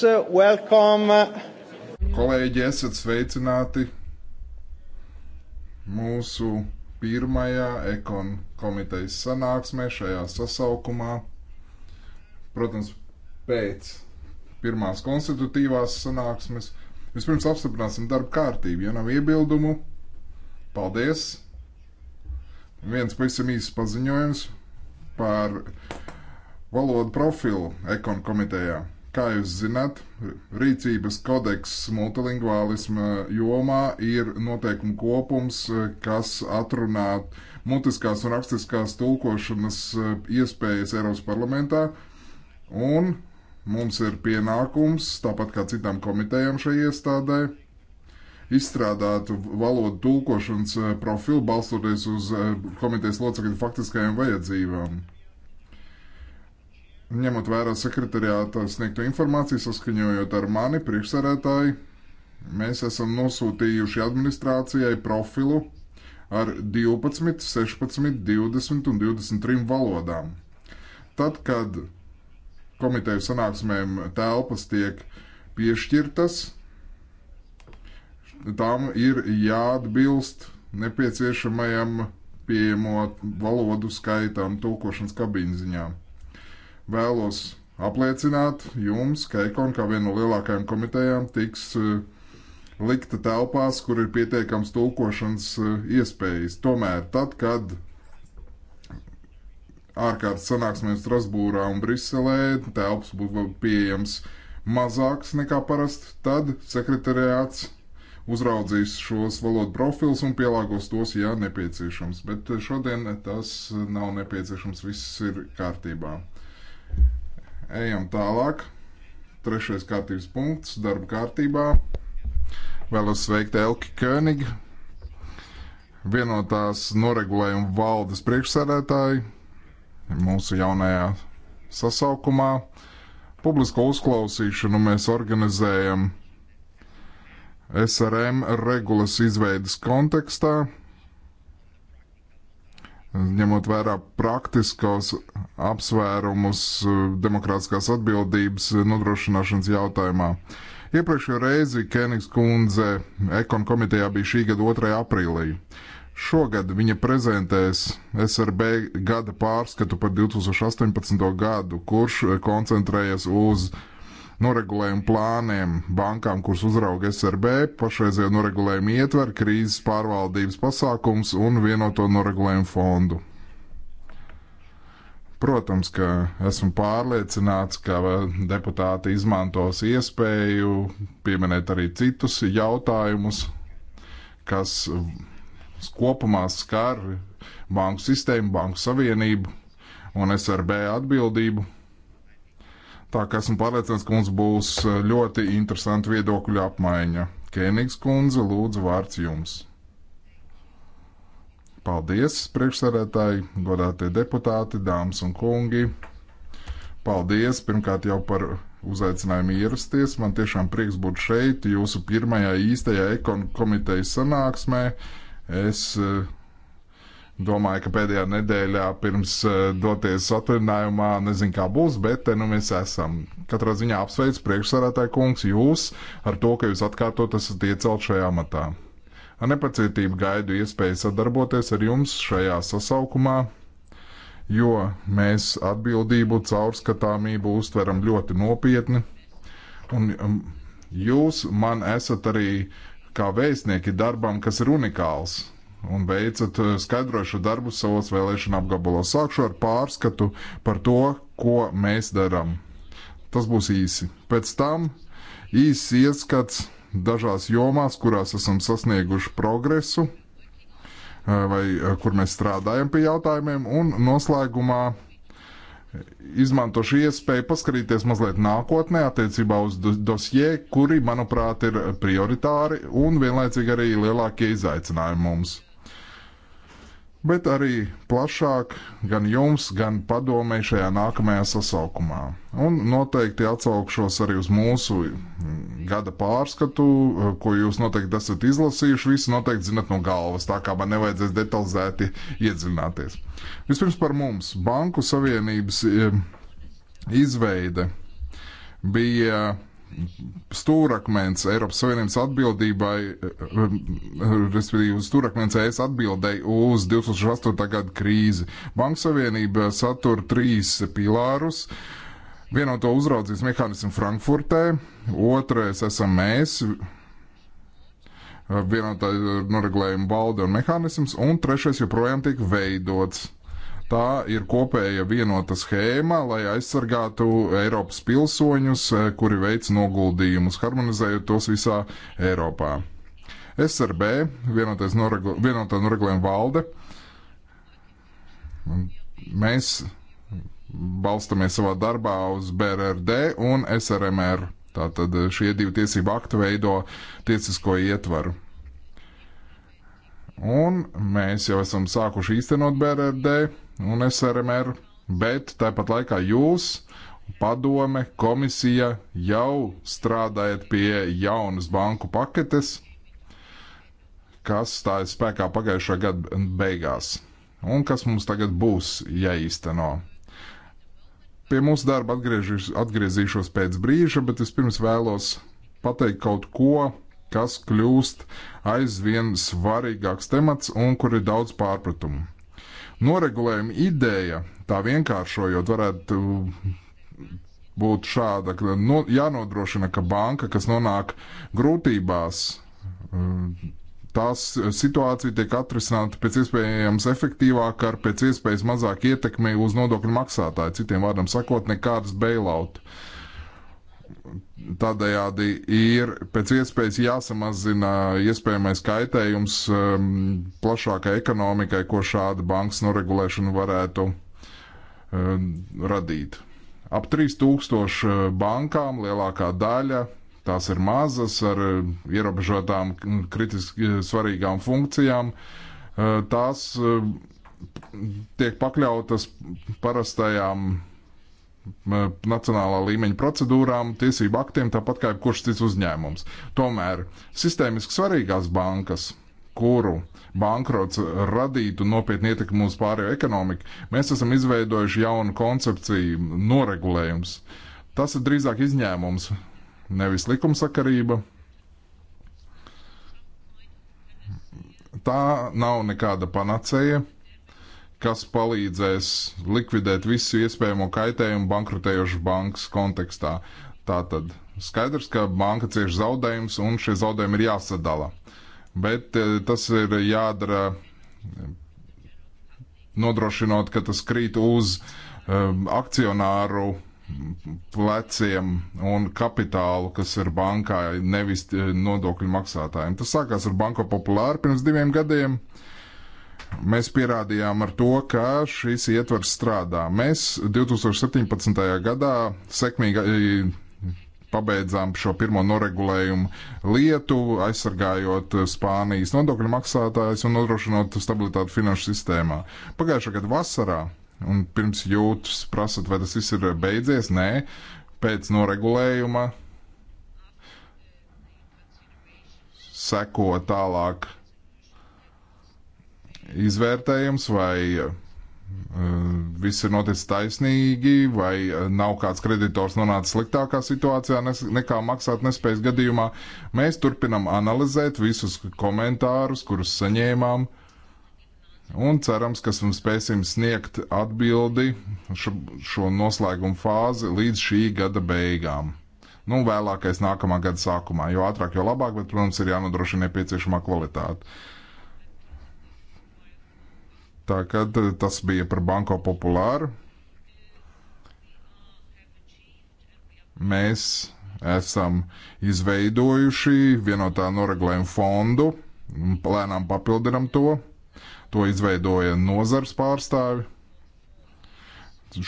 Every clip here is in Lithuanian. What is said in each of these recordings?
colleagues, uh, welcome. Uh, Kolēģi, esat sveicināti mūsu pirmajā ekon komitejas sanāksmē šajā sasaukumā. Protams, pēc pirmās konstitutīvās sanāksmes. Vispirms apstiprināsim darba kārtību, ja nav iebildumu. Paldies! Viens pavisam īsts paziņojums par valodu profilu ekonomikas komitejā. Kā jūs zināt, rīcības kodeks multilingvālisma jomā ir noteikumu kopums, kas atrunā mutiskās un rakstiskās tulkošanas eh, iespējas Eiropas parlamentā, un mums ir pienākums, tāpat kā citām komitejām šai iestādē, izstrādāt valodu tulkošanas eh, profilu balstoties uz eh, komitejas locekļu faktiskajām vajadzībām. Ņemot vērā sekretariāta sniegto informāciju, saskaņojot ar mani priekšsarētāji, mēs esam nosūtījuši administrācijai profilu ar 12, 16, 20 un 23 valodām. Tad, kad komiteju sanāksmēm telpas tiek piešķirtas, tām ir jāatbilst nepieciešamajam pieejamo valodu skaitam, tulkošanas kabīņu ziņām. Vēlos apliecināt jums, ka Ekon kā viena no lielākajām komitejām tiks eh, likta telpās, kur ir pietiekams tulkošanas eh, iespējas. Tomēr tad, kad ārkārtas sanāksmēs Strasbūrā un Briselē telpas būs pieejams mazāks nekā parasti, tad sekretariāts uzraudzīs šos valodu profilus un pielāgos tos, ja nepieciešams. Bet eh, šodien tas nav nepieciešams, viss ir kārtībā. Ejam tālāk. Trešais kārtības punkts darba kārtībā. Vēlos sveikt Elki Königu, vienotās noregulējuma valdes priekšsēdētāju mūsu jaunajā sasaukumā. Publisko uzklausīšanu mēs organizējam SRM regulas izveidas kontekstā ņemot vērā praktiskos apsvērumus eh, demokrātiskās atbildības eh, nodrošināšanas jautājumā. Iepriekšējo reizi Kenigs kundze Ekon komitejā bija šī gada 2. aprīlī. Šogad viņa prezentēs SRB gada pārskatu par 2018. gadu, kurš eh, koncentrējas uz uh, noregulējumu plāniem bankām, kuras uzrauga SRB, pašreizējo noregulējumu ietver, krīzes pārvaldības pasākums un vienoto noregulējumu fondu. Protams, ka esmu pārliecināts, ka deputāti izmantos iespēju pieminēt arī citus jautājumus, kas kopumā skar banku sistēmu, banku savienību un SRB atbildību. Tā kā esmu pārliecināts, ka mums būs e, ļoti interesanti viedokļu apmaiņa. Kēnigs kundze, lūdzu, vārds jums. Paldies, priekšsarētāji, godātie deputāti, dāmas un kungi. Paldies pirmkārt jau par uzaicinājumu ierasties. Man tiešām prieks būt šeit, jūsu pirmajā īstajā ekonu komitejas sanāksmē. Es uh, Domāju, ka pēdējā nedēļā pirms eh, doties atvaļinājumā nezinu, kā būs, bet te eh, nu mēs esam. Katrā ziņā apsveicu priekšsarātāju kungs jūs ar to, ka jūs atkārtot esat iecelt šajā matā. Ar nepacietību gaidu iespēju sadarboties ar jums šajā sasaukumā, jo mēs atbildību caurskatāmību uztveram ļoti nopietni, un um, jūs man esat arī kā vēstnieki darbam, kas ir unikāls un veicat eh, skaidrošu darbu savos vēlēšana apgabalos. Sākšu ar pārskatu par to, ko mēs darām. Tas būs īsi. Pēc tam īsts ieskats dažās jomās, kurās esam sasnieguši progresu eh, vai eh, kur mēs strādājam pie jautājumiem, un noslēgumā izmanto šī iespēja paskatīties mazliet nākotnē attiecībā uz dosie, kuri, manuprāt, ir prioritāri un vienlaicīgi arī lielākie izaicinājumi mums bet arī plašāk gan jums, gan padomē šajā nākamajā sasaukumā. Un noteikti atsaukšos arī uz mūsu mm, gada pārskatu, eh, ko jūs noteikti esat izlasījuši, visi noteikti zinat no galvas, tā kā man nevajadzēs detalizēti iedzināties. Vispirms par mums. Banku savienības eh, izveide bija stūrakmens Eiropas Savienības atbildībai, eh, eh, eh, respektīvi stūrakmens ES atbildēji uz 2008. gada krīzi. Banka Savienība satur trīs pilārus. Vienoto uzraudzības mehānismu Frankfurtē, otrais esam mēs, vienotā noregulējuma balda un mehānisms, un trešais joprojām tiek veidots. Tā ir kopēja vienota schēma, lai aizsargātu Eiropas pilsoņus, eh, kuri veic noguldījumus, harmonizējot tos visā Eiropā. SRB, noregu, vienotā noregulējuma valde, mēs balstamies savā darbā uz BRRD un SRMR. Tātad eh, šie divi tiesību akti veido tiesisko ietvaru un mēs jau esam sākuši īstenot BRD un SRMR, bet tāpat laikā jūs, padome, komisija jau strādājat pie jaunas banku paketes, kas stājas spēkā pagājušā gada beigās un kas mums tagad būs jāīsteno. Pie mūsu darba atgriezīšos pēc brīža, bet vispirms vēlos pateikt kaut ko, kas kļūst aizvien svarīgāks temats un kur ir daudz pārpratumu. Noregulējuma ideja, tā vienkāršojot, varētu būt šāda, ka no, jānodrošina, ka banka, kas nonāk grūtībās, tās situācija tiek atrisināta pēc iespējams efektīvāk ar pēc iespējas mazāk ietekmi uz nodokļu maksātāju. Citiem vārdam sakot, nekādas bailout. Uh, Tādējādi ir pēc iespējas jāsamazina iespējamais kaitējums um, plašākai ekonomikai, ko šāda bankas noregulēšana varētu um, radīt. Ap 3000 uh, bankām lielākā daļa tās ir mazas ar uh, ierobežotām mm, kritiski uh, svarīgām funkcijām. Tās tiek pakļautas parastajām nacionālā līmeņa procedūrām, tiesību aktiem, tāpat kā jebkurš cits uzņēmums. Tomēr sistēmiski svarīgās bankas, kuru bankrots radītu nopietnu ietekmi uz pārējo ekonomiku, mēs esam izveidojuši jaunu koncepciju noregulējums. Tas ir drīzāk izņēmums, nevis likumsakarība. Tā nav nekāda panacēja kas palīdzēs likvidēt visu iespējamo kaitējumu bankrotējošas bankas kontekstā. Tātad skaidrs, ka banka cieš zaudējumus un šie zaudējumi ir jāsadala. Bet e, tas ir jādara e, nodrošinot, ka tas krīt uz um, akcionāru pleciem un kapitālu, kas ir bankā, nevis nodokļu maksātājiem. Tas sākās ar Banko Populāru pirms diviem gadiem. Uh, Mēs pierādījām ar to, ka šis ietvers strādā. Mēs 2017. gadā sekmīgi pabeidzām šo pirmo noregulējumu lietu, aizsargājot Spānijas nodokļu maksātājus un nodrošinot stabilitāti finanšu sistēmā. Pagājušā gada vasarā, un pirms jūtas prasat, vai tas viss ir beidzies, nē, pēc noregulējuma seko tālāk izvērtējams, vai eh, viss ir noticis taisnīgi, vai eh, nav kāds kreditors nonācis sliktākā situācijā nekā maksāt nespējas gadījumā. Mēs turpinam analizēt visus komentārus, kurus saņēmām, un cerams, ka mums spēsim sniegt atbildi šo, šo noslēgumu fāzi līdz šī gada beigām. Nu, vēlākais nākamā gada sākumā, jo ātrāk, jo labāk, bet, protams, ir jānodrošina nepieciešamā kvalitāte. Tā kad eh, tas bija par Banko populāru. Mēs esam izveidojuši vienotā noregulējuma fondu, lēnām papildinam to. To izveidoja nozars pārstāvi.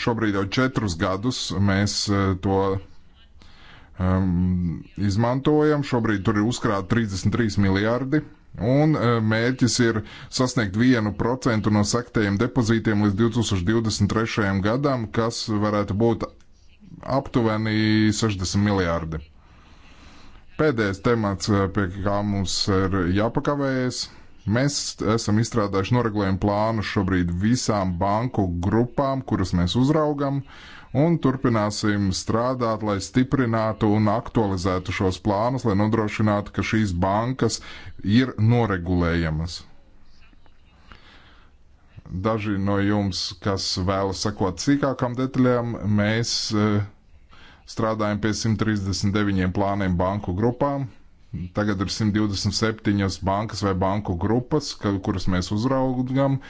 Šobrīd jau četrus gadus mēs eh, to um, izmantojam. Šobrīd tur ir uzkrāta 33 miljardi eiro Un e, mērķis ir sasniegt 1% no saktējiem depozītiem līdz 2023. gadam, kas varētu būt aptuveni 60 miljārdi. Pēdējais temats, e, pie kā mums ir jāpakavējas. Mēs esam izstrādājuši noregulējumu plānu šobrīd visām banku grupām, kuras mēs uzraugam. Uh, un turpināsim strādāt, lai stiprinātu un aktualizētu šos plānus, lai nodrošinātu, ka šīs bankas ir noregulējamas. Daži no jums, kas vēlas sakot sīkākām detaļām, mēs eh, strādājam pie 139 plāniem banku grupām. Tagad ir 127 bankas vai banku grupas, kuras mēs uzraugam,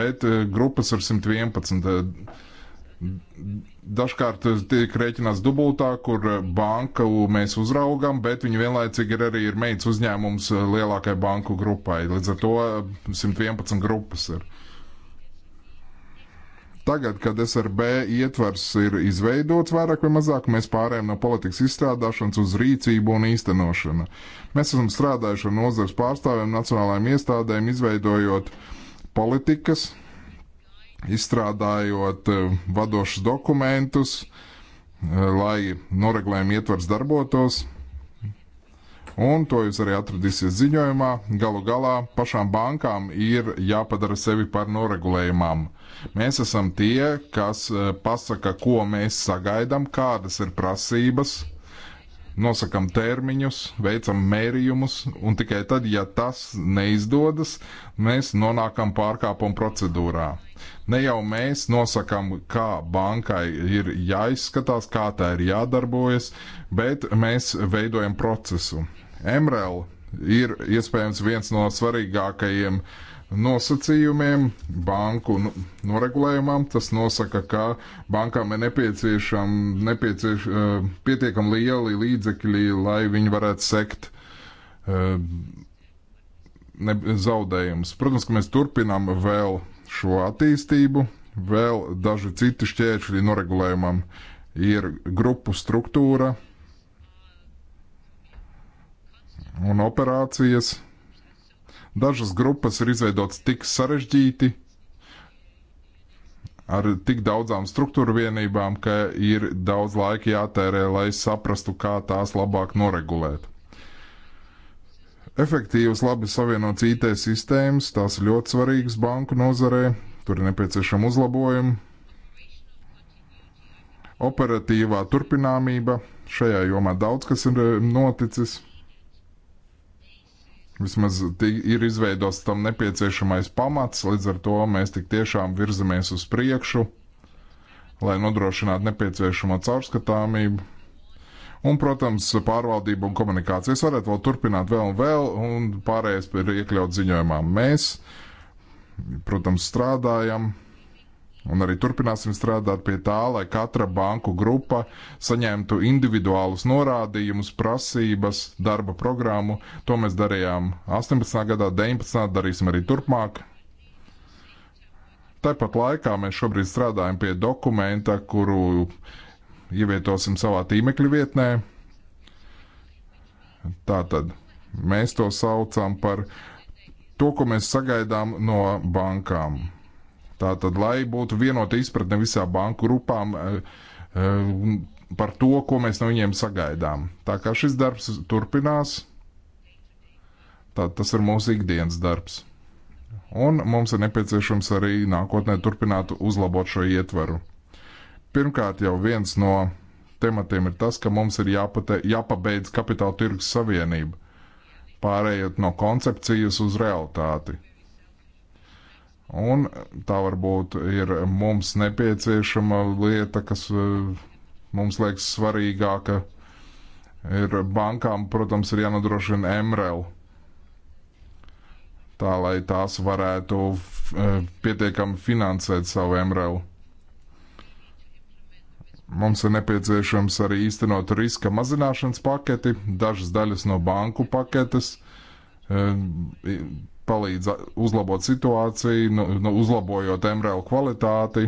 bet eh, grupas ir 111 Dažkārt tiek rēķināts dubultā, kur banku mēs uzraugam, bet viņi vienlaicīgi ir arī ir meitas uzņēmums lielākai banku grupai. Līdz ar to 111 grupas ir. Tagad, kad SRB ietvars ir izveidots vairāk vai mazāk, mēs pārējām no politikas izstrādāšanas uz rīcību un īstenošanu. Mēs esam strādājuši ar nozars pārstāvjiem, nacionālajiem iestādēm, izveidojot politikas, izstrādājot eh, vadošus dokumentus, eh, lai noregulējumi ietvers darbotos. Un to jūs arī atradīsiet ziņojumā. Galu galā pašām bankām ir jāpadara sevi par noregulējumām. Mēs esam tie, kas eh, pasaka, ko mēs sagaidām, kādas ir prasības, nosakam termiņus, veicam mērījumus, un tikai tad, ja tas neizdodas, mēs nonākam pārkāpuma procedūrā. Ne jau mēs nosakām, kā bankai ir jāizskatās, kā tā ir jādarbojas, bet mēs veidojam procesu. MRL ir iespējams viens no svarīgākajiem uh, nosacījumiem, banku noregulējumam. Tas nosaka, ka bankām ir nepieciešami nepiecieš, eh, pietiekami lieli līdzekļi, lai viņi varētu sekt eh, ne, zaudējumus. Protams, ka mēs turpinām vēl šo attīstību, vēl daži citi šķēršļi noregulējumam ir grupu struktūra un operācijas. Dažas grupas ir izveidotas tik sarežģīti, ar tik daudzām struktūra vienībām, ka ir daudz laika jātērē, lai saprastu, kā tās labāk noregulēt. Efektīvas, labi savienotas IT sistēmas, tās ir ļoti svarīgas banku nozarē, tur ir nepieciešama uzlabojuma. Operatīvā turpināmība, šajā jomā daudz kas ir eh, noticis. Vismaz ir izveidos tam nepieciešamais pamats, līdz ar to mēs tik tiešām virzamies uz priekšu, lai nodrošinātu nepieciešamo caurskatāmību. Un, protams, pārvaldība un komunikācijas varētu vēl turpināt vēl un vēl, un pārējais ir iekļaut ziņojumā. Mēs, protams, strādājam Un arī turpināsim strādāt pie tā, lai katra banku grupa saņemtu individuālus norādījumus, prasības, darba programmu. To mēs darījām 18. gadā, 19. darīsim arī turpmāk. Tāpat laikā mēs šobrīd strādājam pie dokumenta, kuru ievietosim savā tīmekļa vietnē. Tātad mēs to saucam par to, ko mēs sagaidām no bankām Tātad, lai būtu vienota izpratne visā banku grupām e, e, par to, ko mēs no viņiem sagaidām. Tā kā šis darbs turpinās, tad tas ir mūsu ikdienas darbs. Un mums ir nepieciešams arī nākotnē turpināt uzlabot šo ietvaru. Pirmkārt, jau viens no tematiem ir tas, ka mums ir jāpate, jāpabeidz kapitāla tirgus savienība, pārējot no koncepcijas uz realitāti. Un tā varbūt ir mums nepieciešama lieta, kas e, mums liekas svarīgāka. Ir bankām, protams, ir jānodrošina MRL, tā lai tās varētu e, pietiekami finansēt savu MRL. Mums ir nepieciešams arī īstenot riska mazināšanas paketi, dažas daļas no banku paketes e, palīdz uzlabot situāciju, nu, nu, uzlabojot MRL kvalitāti,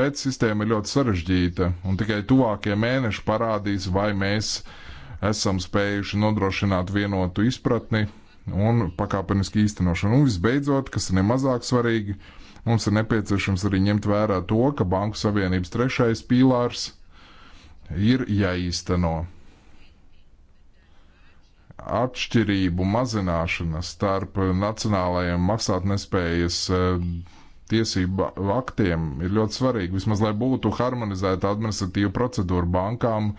bet sistēma ir ļoti sarežģīta, un tikai tuvākie mēneši parādīs, vai mēs esam spējuši nodrošināt vienotu izpratni un pakāpenisku īstenošanu. Un visbeidzot, kas ir nemazāk svarīgi, mums ir nepieciešams arī ņemt vērā to, ka Banku Savienības trešais pīlārs ir jāīsteno atšķirību mazināšana starp nacionālajiem maksātnespējas e, tiesību aktiem ir ļoti svarīga. Vismaz, lai būtu harmonizēta administratīva procedūra bankām,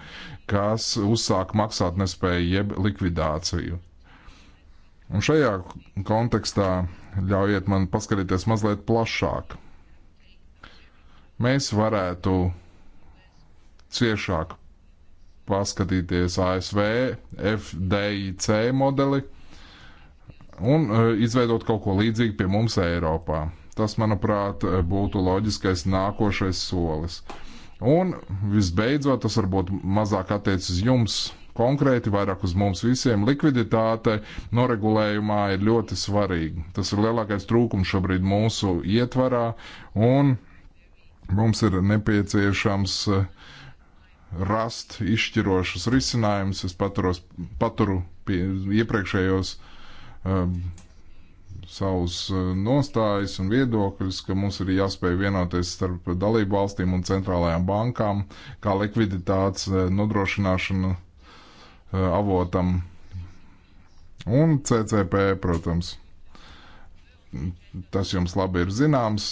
kas uzsāk maksātnespēju jeb likvidāciju. Un šajā kontekstā ļaujiet man paskatīties mazliet plašāk. Mēs varētu ciešāk paskatīties ASV FDIC modeli un e, izveidot kaut ko līdzīgu pie mums Eiropā. Tas, manuprāt, e, būtu loģiskais nākošais solis. Un visbeidzot, tas varbūt mazāk attiecas uz jums konkrēti, vairāk uz mums visiem. Likviditāte noregulējumā ir ļoti svarīga. Tas ir lielākais trūkums šobrīd mūsu ietvarā, un mums ir nepieciešams uh, rast izšķirošus risinājumus. Es paturos, paturu pie iepriekšējos um, savus uh, nostājus un viedokļus, ka mums ir jāspēj vienoties starp dalību valstīm un centrālajām bankām, kā likviditātes uh, nodrošināšana uh, avotam un CCP, protams. Tas jums labi ir zināms.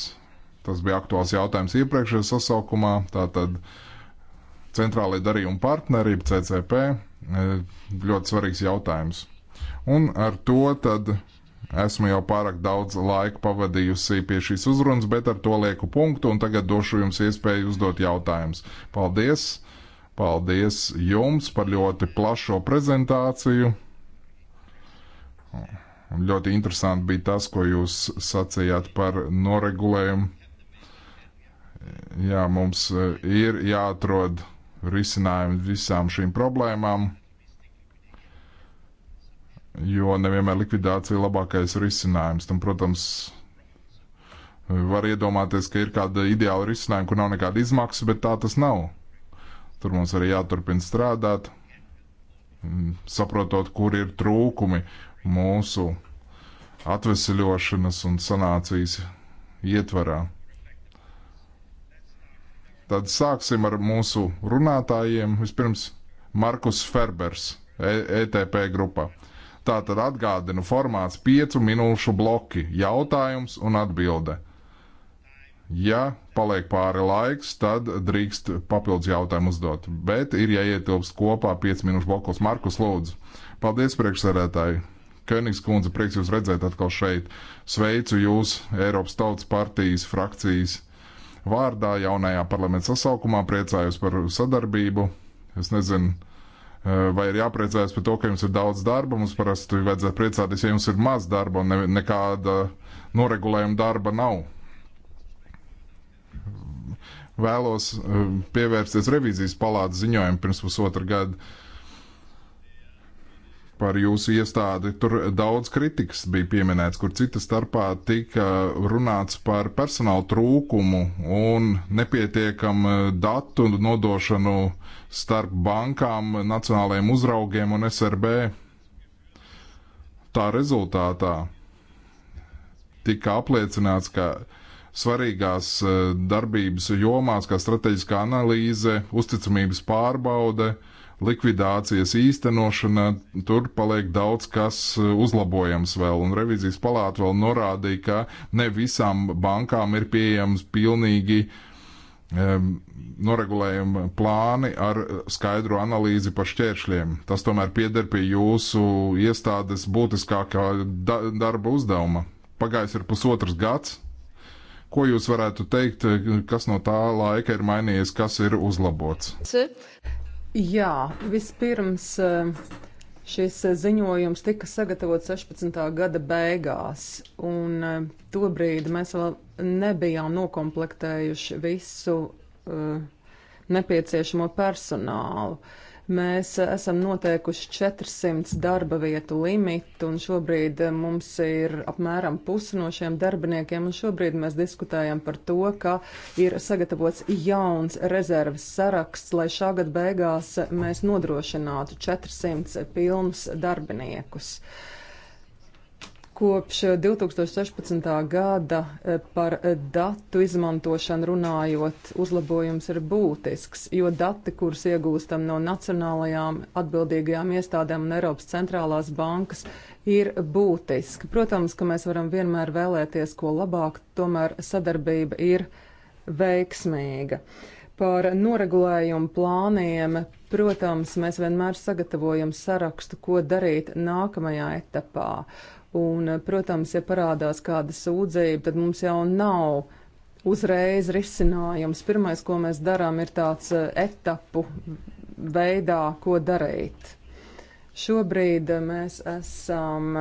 Tas bija aktuāls jautājums iepriekšējā sasaukumā. Tātad uh, centrālai darījuma partnerība CCP e, ļoti svarīgs jautājums. Un ar to tad esmu jau pārāk daudz laika pavadījusi pie šīs uzrunas, bet ar to lieku punktu un tagad došu jums iespēju uzdot jautājumus. Paldies! Paldies jums par ļoti plašo prezentāciju. Ļoti interesanti bija tas, ko jūs sacījāt par noregulējumu. Jā, mums e, ir jāatrod risinājumu visām šīm problēmām, jo nevienmēr likvidācija ir labākais risinājums. Tam, protams, var iedomāties, ka ir kāda ideāla risinājuma, kur nav nekāda izmaksa, bet tā tas nav. Tur mums arī jāturpina strādāt, mm, saprotot, kur ir trūkumi mūsu atvesaļošanas un sanācijas ietvarā. Tad sāksim ar mūsu runātājiem. Vispirms Markus Ferbers, ETP e grupa. Tātad atgādinu formāts piecu minūšu bloki - jautājums un atbilde. Ja paliek pāri laiks, tad drīkst papildus jautājumu uzdot, bet ir jāietilpst kopā 5 minūšu blokos. Markus, lūdzu, paldies priekšsēdētāji! Königs kundze, prieks jūs redzēt atkal šeit. Sveicu jūs Eiropas Tautas partijas frakcijas uh, vārdā jaunajā parlamenta sasaukumā priecājos par sadarbību. Es nezinu, eh, vai ir jāpriecājas par to, ka jums ir daudz darba. Mums parasti vajadzētu priecāties, ja jums ir maz darba un ne, nekāda noregulējuma darba nav. Vēlos eh, pievērsties revīzijas palātas ziņojumu pirms pusotra gada par jūsu iestādi. Tur daudz kritikas bija pieminēts, kur cita starpā tika runāts par personāla trūkumu un nepietiekamu eh, datu nodošanu starp bankām, nacionālajiem uzraugiem un SRB. Tā rezultātā tika apliecināts, ka svarīgās eh, darbības jomās, kā strateģiskā analīze, uzticamības pārbaude, uh, likvidācijas īstenošana, tur paliek daudz kas eh, uzlabojams vēl, un revizijas palāta vēl norādīja, ka ne visām bankām ir pieejams pilnīgi um, noregulējuma plāni ar skaidru analīzi par šķēršļiem. Tas tomēr pieder pie jūsu iestādes būtiskākā da darba uzdevuma. Pagājis ir pusotrs gads. Ko jūs varētu teikt, eh, kas no tā laika ir mainījies, kas ir uzlabots? Jā, vispirms eh, šis eh, ziņojums tika sagatavots 16. gada beigās, un eh, tobrīd mēs vēl nebijām nokomplektējuši visu uh, nepieciešamo personālu. Uh, Mēs esam noteikuši 400 darba vietu limitu, un šobrīd mums ir apmēram pusi no šiem darbiniekiem, un šobrīd mēs diskutējam par to, ka ir sagatavots jauns rezerves saraksts, lai šā gada beigās mēs nodrošinātu 400 pilnus darbiniekus. Uh, Kopš 2016. Eh, gada eh, par eh, datu izmantošanu runājot, uzlabojums ir būtisks, jo dati, kurus iegūstam no nacionālajām atbildīgajām iestādēm un Eiropas centrālās bankas, ir būtiski. Protams, ka mēs varam vienmēr vēlēties ko labāk, tomēr sadarbība ir veiksmīga. Par noregulējumu plāniem, protams, mēs vienmēr sagatavojam sarakstu, ko darīt nākamajā etapā. Un, protams, ja parādās kāda sūdzība, tad mums jau nav uzreiz risinājums. Pirmais, ko mēs darām, ir tāds eh, etapu veidā, ko darīt. Šobrīd eh, mēs esam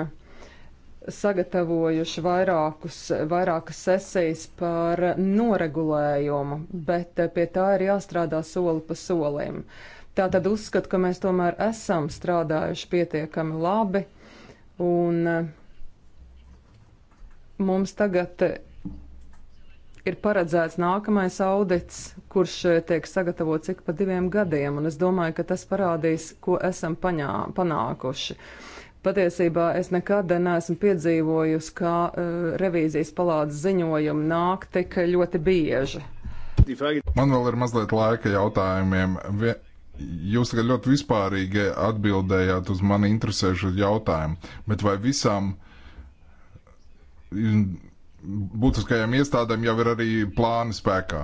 sagatavojuši vairākus, vairākas sesijas par noregulējumu, bet eh, pie tā ir jāstrādā soli pa solim. Tā tad uzskatu, ka mēs tomēr esam strādājuši pietiekami labi un uh, mums tagad ir paredzēts nākamais audits, kurš eh, tiek sagatavots ik pa diviem gadiem, un es domāju, ka tas parādīs, ko esam paņā, panākuši. Patiesībā es nekad neesmu piedzīvojusi, ka uh, revīzijas palādes ziņojumi nāk tik ļoti bieži. Man vēl ir mazliet laika jautājumiem. Jūs tagad ļoti vispārīgi atbildējāt uz mani interesējušo jautājumu, bet vai visam uh, būtiskajām iestādēm jau ir arī plāni spēkā.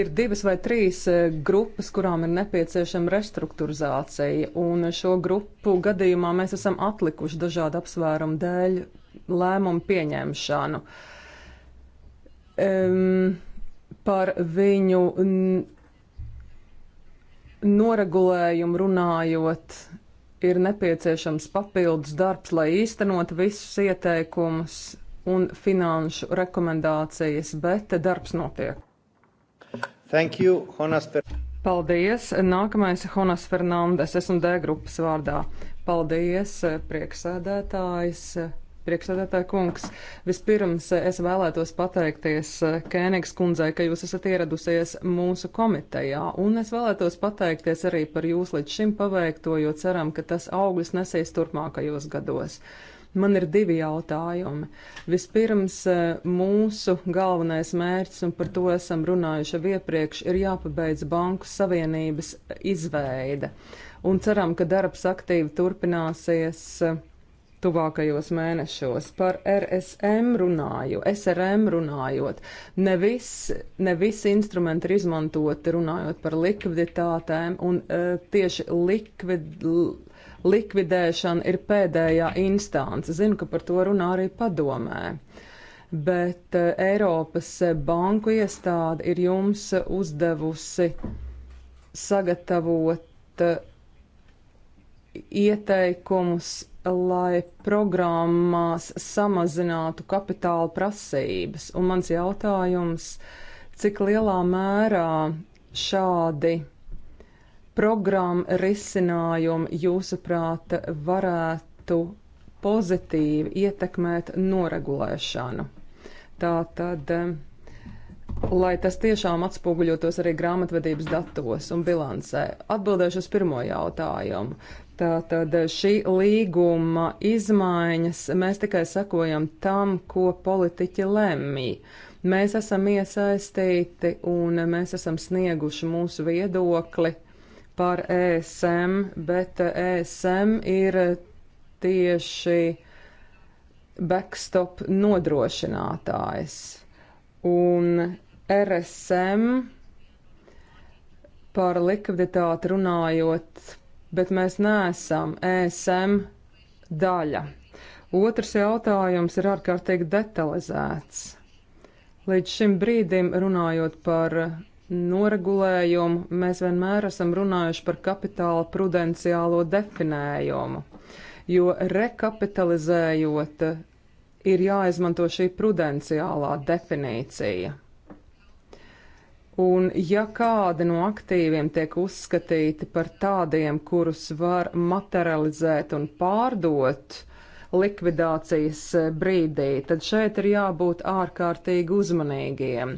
Ir divas vai trīs eh, grupas, kurām ir nepieciešama restruktūrizācija, un šo grupu gadījumā mēs esam atlikuši dažādu apsvērumu dēļ lēmumu pieņemšanu. Um, par viņu noregulējumu runājot, ir nepieciešams papildus darbs, lai īstenot visus ieteikumus, un finanšu rekomendācijas, bet darbs notiek. Thank you, Jonas. Paldies! Nākamais Honas Fernandes, S&D grupas vārdā. Paldies, prieksēdētājs! Priekšsēdētāja kungs, vispirms es vēlētos pateikties Kēnigs kundzei, ka jūs esat ieradusies mūsu komitejā, un es vēlētos pateikties arī par jūs līdz šim paveikto, jo ceram, ka tas augļus nesīs turpmākajos gados. Man ir divi jautājumi. Vispirms, eh, mūsu galvenais mērķis, un par to esam runājuši jau iepriekš, ir jāpabeidz Banku Savienības eh, izveide. Un ceram, ka darbs aktīvi turpināsies eh, tuvākajos mēnešos. Par RSM runāju, SRM runājot, ne visi nevis instrumenti ir izmantoti runājot par likviditātēm, un uh, tieši likvid likvidēšana ir pēdējā instance. Zinu, ka par to runā arī padomē. Bet eh, Eiropas banku iestāde ir jums uzdevusi sagatavot eh, ieteikumus, lai programmās samazinātu kapitāla prasības. Un mans jautājums, cik lielā mērā šādi programmu risinājumi jūsuprāt varētu pozitīvi ietekmēt noregulēšanu? Tā tad, lai tas tiešām atspoguļotos arī grāmatvedības datos un bilancē, atbildēšu uz pirmo jautājumu. Tātad šī līguma izmaiņas mēs tikai sekojam tam, ko politiķi lemj. Mēs esam iesaistīti un mēs esam snieguši mūsu viedokli par ESM, bet ESM ir tieši backstop nodrošinātājs. Un RSM par likviditāti runājot, bet mēs neesam ESM daļa. Otrs jautājums ir ārkārtīgi detalizēts. Līdz šim brīdim runājot par noregulējumu, mēs vienmēr esam runājuši par kapitāla prudenciālo definējumu, jo rekapitalizējot ir jāizmanto šī prudenciālā definīcija. Un ja kādi no aktīviem tiek uzskatīti par tādiem, kurus var materializēt un pārdot, uh, likvidācijas eh, brīdī, tad šeit ir jābūt ārkārtīgi uzmanīgiem,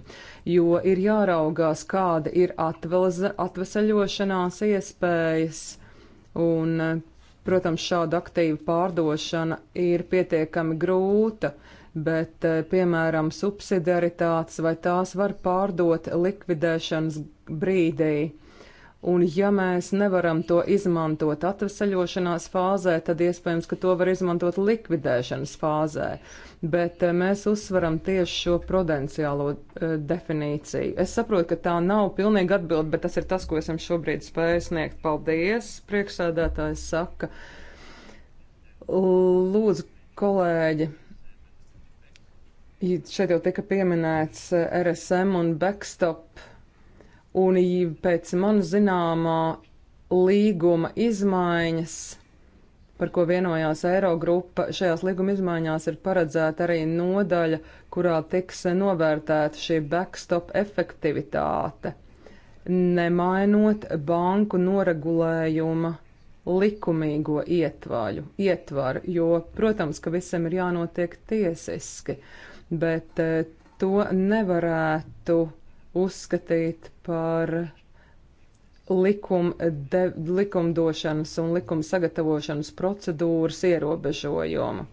jo ir jāraugās, kāda ir atvesaļošanās iespējas. Un, eh, protams, šāda aktīva pārdošana ir pietiekami grūta, bet, eh, piemēram, subsidiaritātes vai tās var pārdot likvidēšanas brīdī. Un ja mēs nevaram to izmantot atvesaļošanās fāzē, tad iespējams, ka to var izmantot likvidēšanas fāzē. Bet eh, mēs uzsveram tieši šo prudenciālo uh, definīciju. Es saprotu, ka tā nav pilnīga atbilde, bet tas ir tas, ko esam šobrīd spējuši sniegt. Paldies, priekšsēdētājs saka. Lūdzu, kolēģi. Šeit jau tika pieminēts eh, RSM un backstop Un pēc man zināmā līguma izmaiņas, par ko vienojās Eirogrupa, šajās līguma izmaiņās ir paredzēta arī nodaļa, kurā tiks novērtēta šī backstop efektivitāte, nemainot banku noregulējuma likumīgo ietvaļu, ietvaru, jo, protams, ka visam ir jānotiek tiesiski, bet eh, to nevarētu uzskatīt par likum de, likumdošanas un likuma sagatavošanas procedūras ierobežojumu.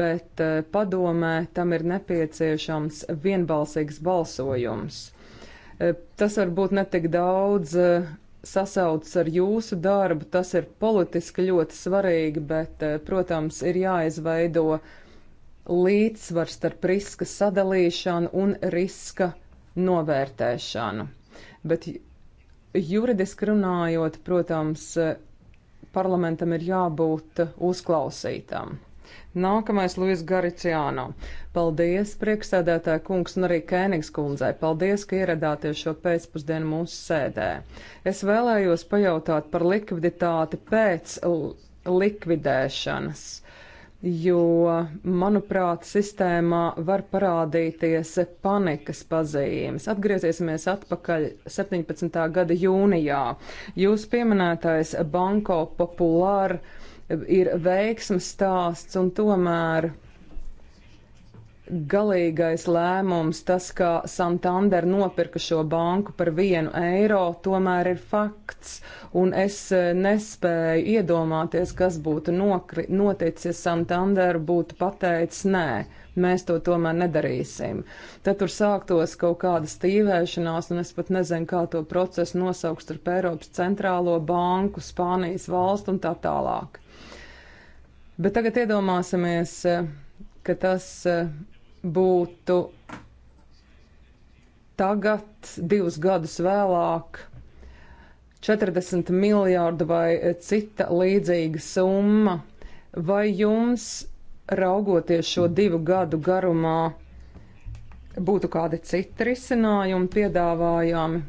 Bet eh, padomē tam ir nepieciešams vienbalsīgs balsojums. Eh, tas varbūt netik daudz eh, sasaucas ar jūsu darbu, tas ir politiski ļoti svarīgi, bet, protams, ir jāizveido līdzsvars starp riska sadalīšanu un riska novērtēšanu. Bet juridiski runājot, protams, parlamentam ir jābūt uzklausītam. Nākamais Luis Gariciāno. Paldies, priekšsēdētāja kungs un arī Kēnigs kundzei. Paldies, ka ieradāties šo pēcpusdienu mūsu sēdē. Es vēlējos pajautāt par likviditāti pēc likvidēšanas jo, manuprāt, sistēmā var parādīties panikas pazīmes. Atgriezīsimies atpakaļ 17. gada jūnijā. Jūs pieminētais Banko Populāra ir veiksmes stāsts un tomēr galīgais lēmums, tas, ka Santander nopirka šo banku par vienu eiro, tomēr ir fakts, un es eh, nespēju iedomāties, kas būtu nokri, noticis, ja Santander būtu pateicis nē. Mēs to tomēr nedarīsim. Tad tur sāktos kaut kāda stīvēšanās, un es pat nezinu, kā to procesu nosaukt starp Eiropas centrālo banku, Spānijas valstu un tā tālāk. Bet tagad iedomāsimies, eh, ka tas eh, būtu tagad, divus gadus vēlāk, 40 miljardi vai cita līdzīga summa, vai jums, raugoties šo divu gadu garumā, būtu kādi citi risinājumi piedāvājami?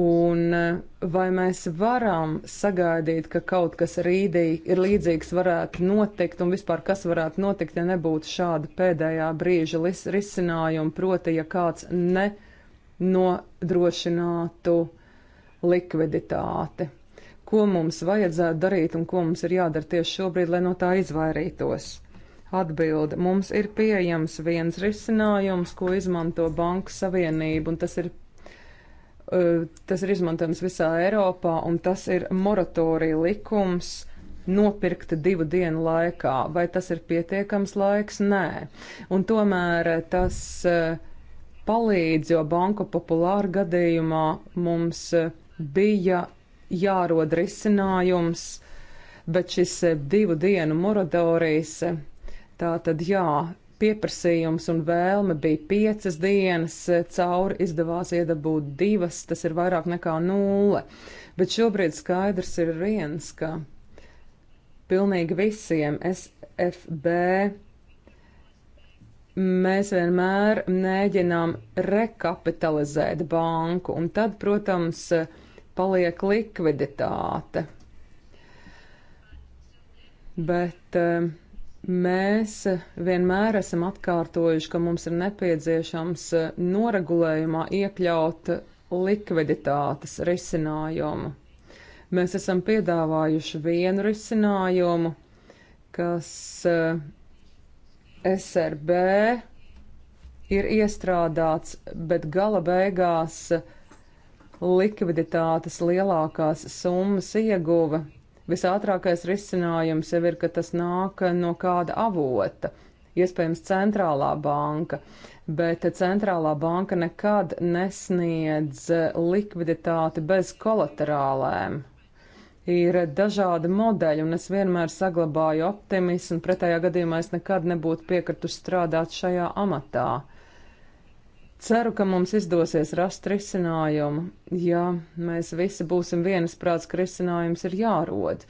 Un eh, vai mēs varam sagaidīt, ka kaut kas rīdīgi ir līdzīgs varētu notikt, un vispār kas varētu notikt, ja nebūtu šāda pēdējā brīža risinājuma, proti, ja kāds nenodrošinātu likviditāti? Ko mums vajadzētu darīt un ko mums ir jādara tieši šobrīd, lai no tā izvairītos? Atbilde. Mums ir pieejams viens risinājums, ko izmanto Banku Savienība, un tas ir Tas ir izmantojams visā Eiropā, un tas ir moratorija likums nopirkt divu dienu laikā. Vai tas ir pietiekams laiks? Nē. Un tomēr tas palīdz, jo banku populāru gadījumā mums bija jārod risinājums, bet šis divu dienu moratorijas, tā tad jā, pieprasījums un vēlme bija piecas dienas, e, cauri izdevās iedabūt divas, tas ir vairāk nekā nulle. Bet šobrīd skaidrs ir viens, ka pilnīgi visiem SFB mēs vienmēr mēģinām rekapitalizēt banku, un tad, protams, e, paliek likviditāte. Bet uh, Mēs vienmēr esam atkārtojuši, ka mums ir nepieciešams noregulējumā iekļaut likviditātes risinājumu. Mēs esam piedāvājuši vienu risinājumu, kas eh, SRB ir iestrādāts, bet gala beigās likviditātes lielākās summas ieguva Visātrākais risinājums jau ir, ka tas nāk no kāda avota, iespējams centrālā banka, bet centrālā banka nekad nesniedz likviditāti bez kolaterālēm. Ir dažādi modeļi, un es vienmēr saglabāju optimismu, pretējā gadījumā es nekad nebūtu piekritusi strādāt šajā amatā. Ceru, ka mums izdosies rast risinājumu, ja mēs visi būsim viensprāts, ka risinājums ir jārod.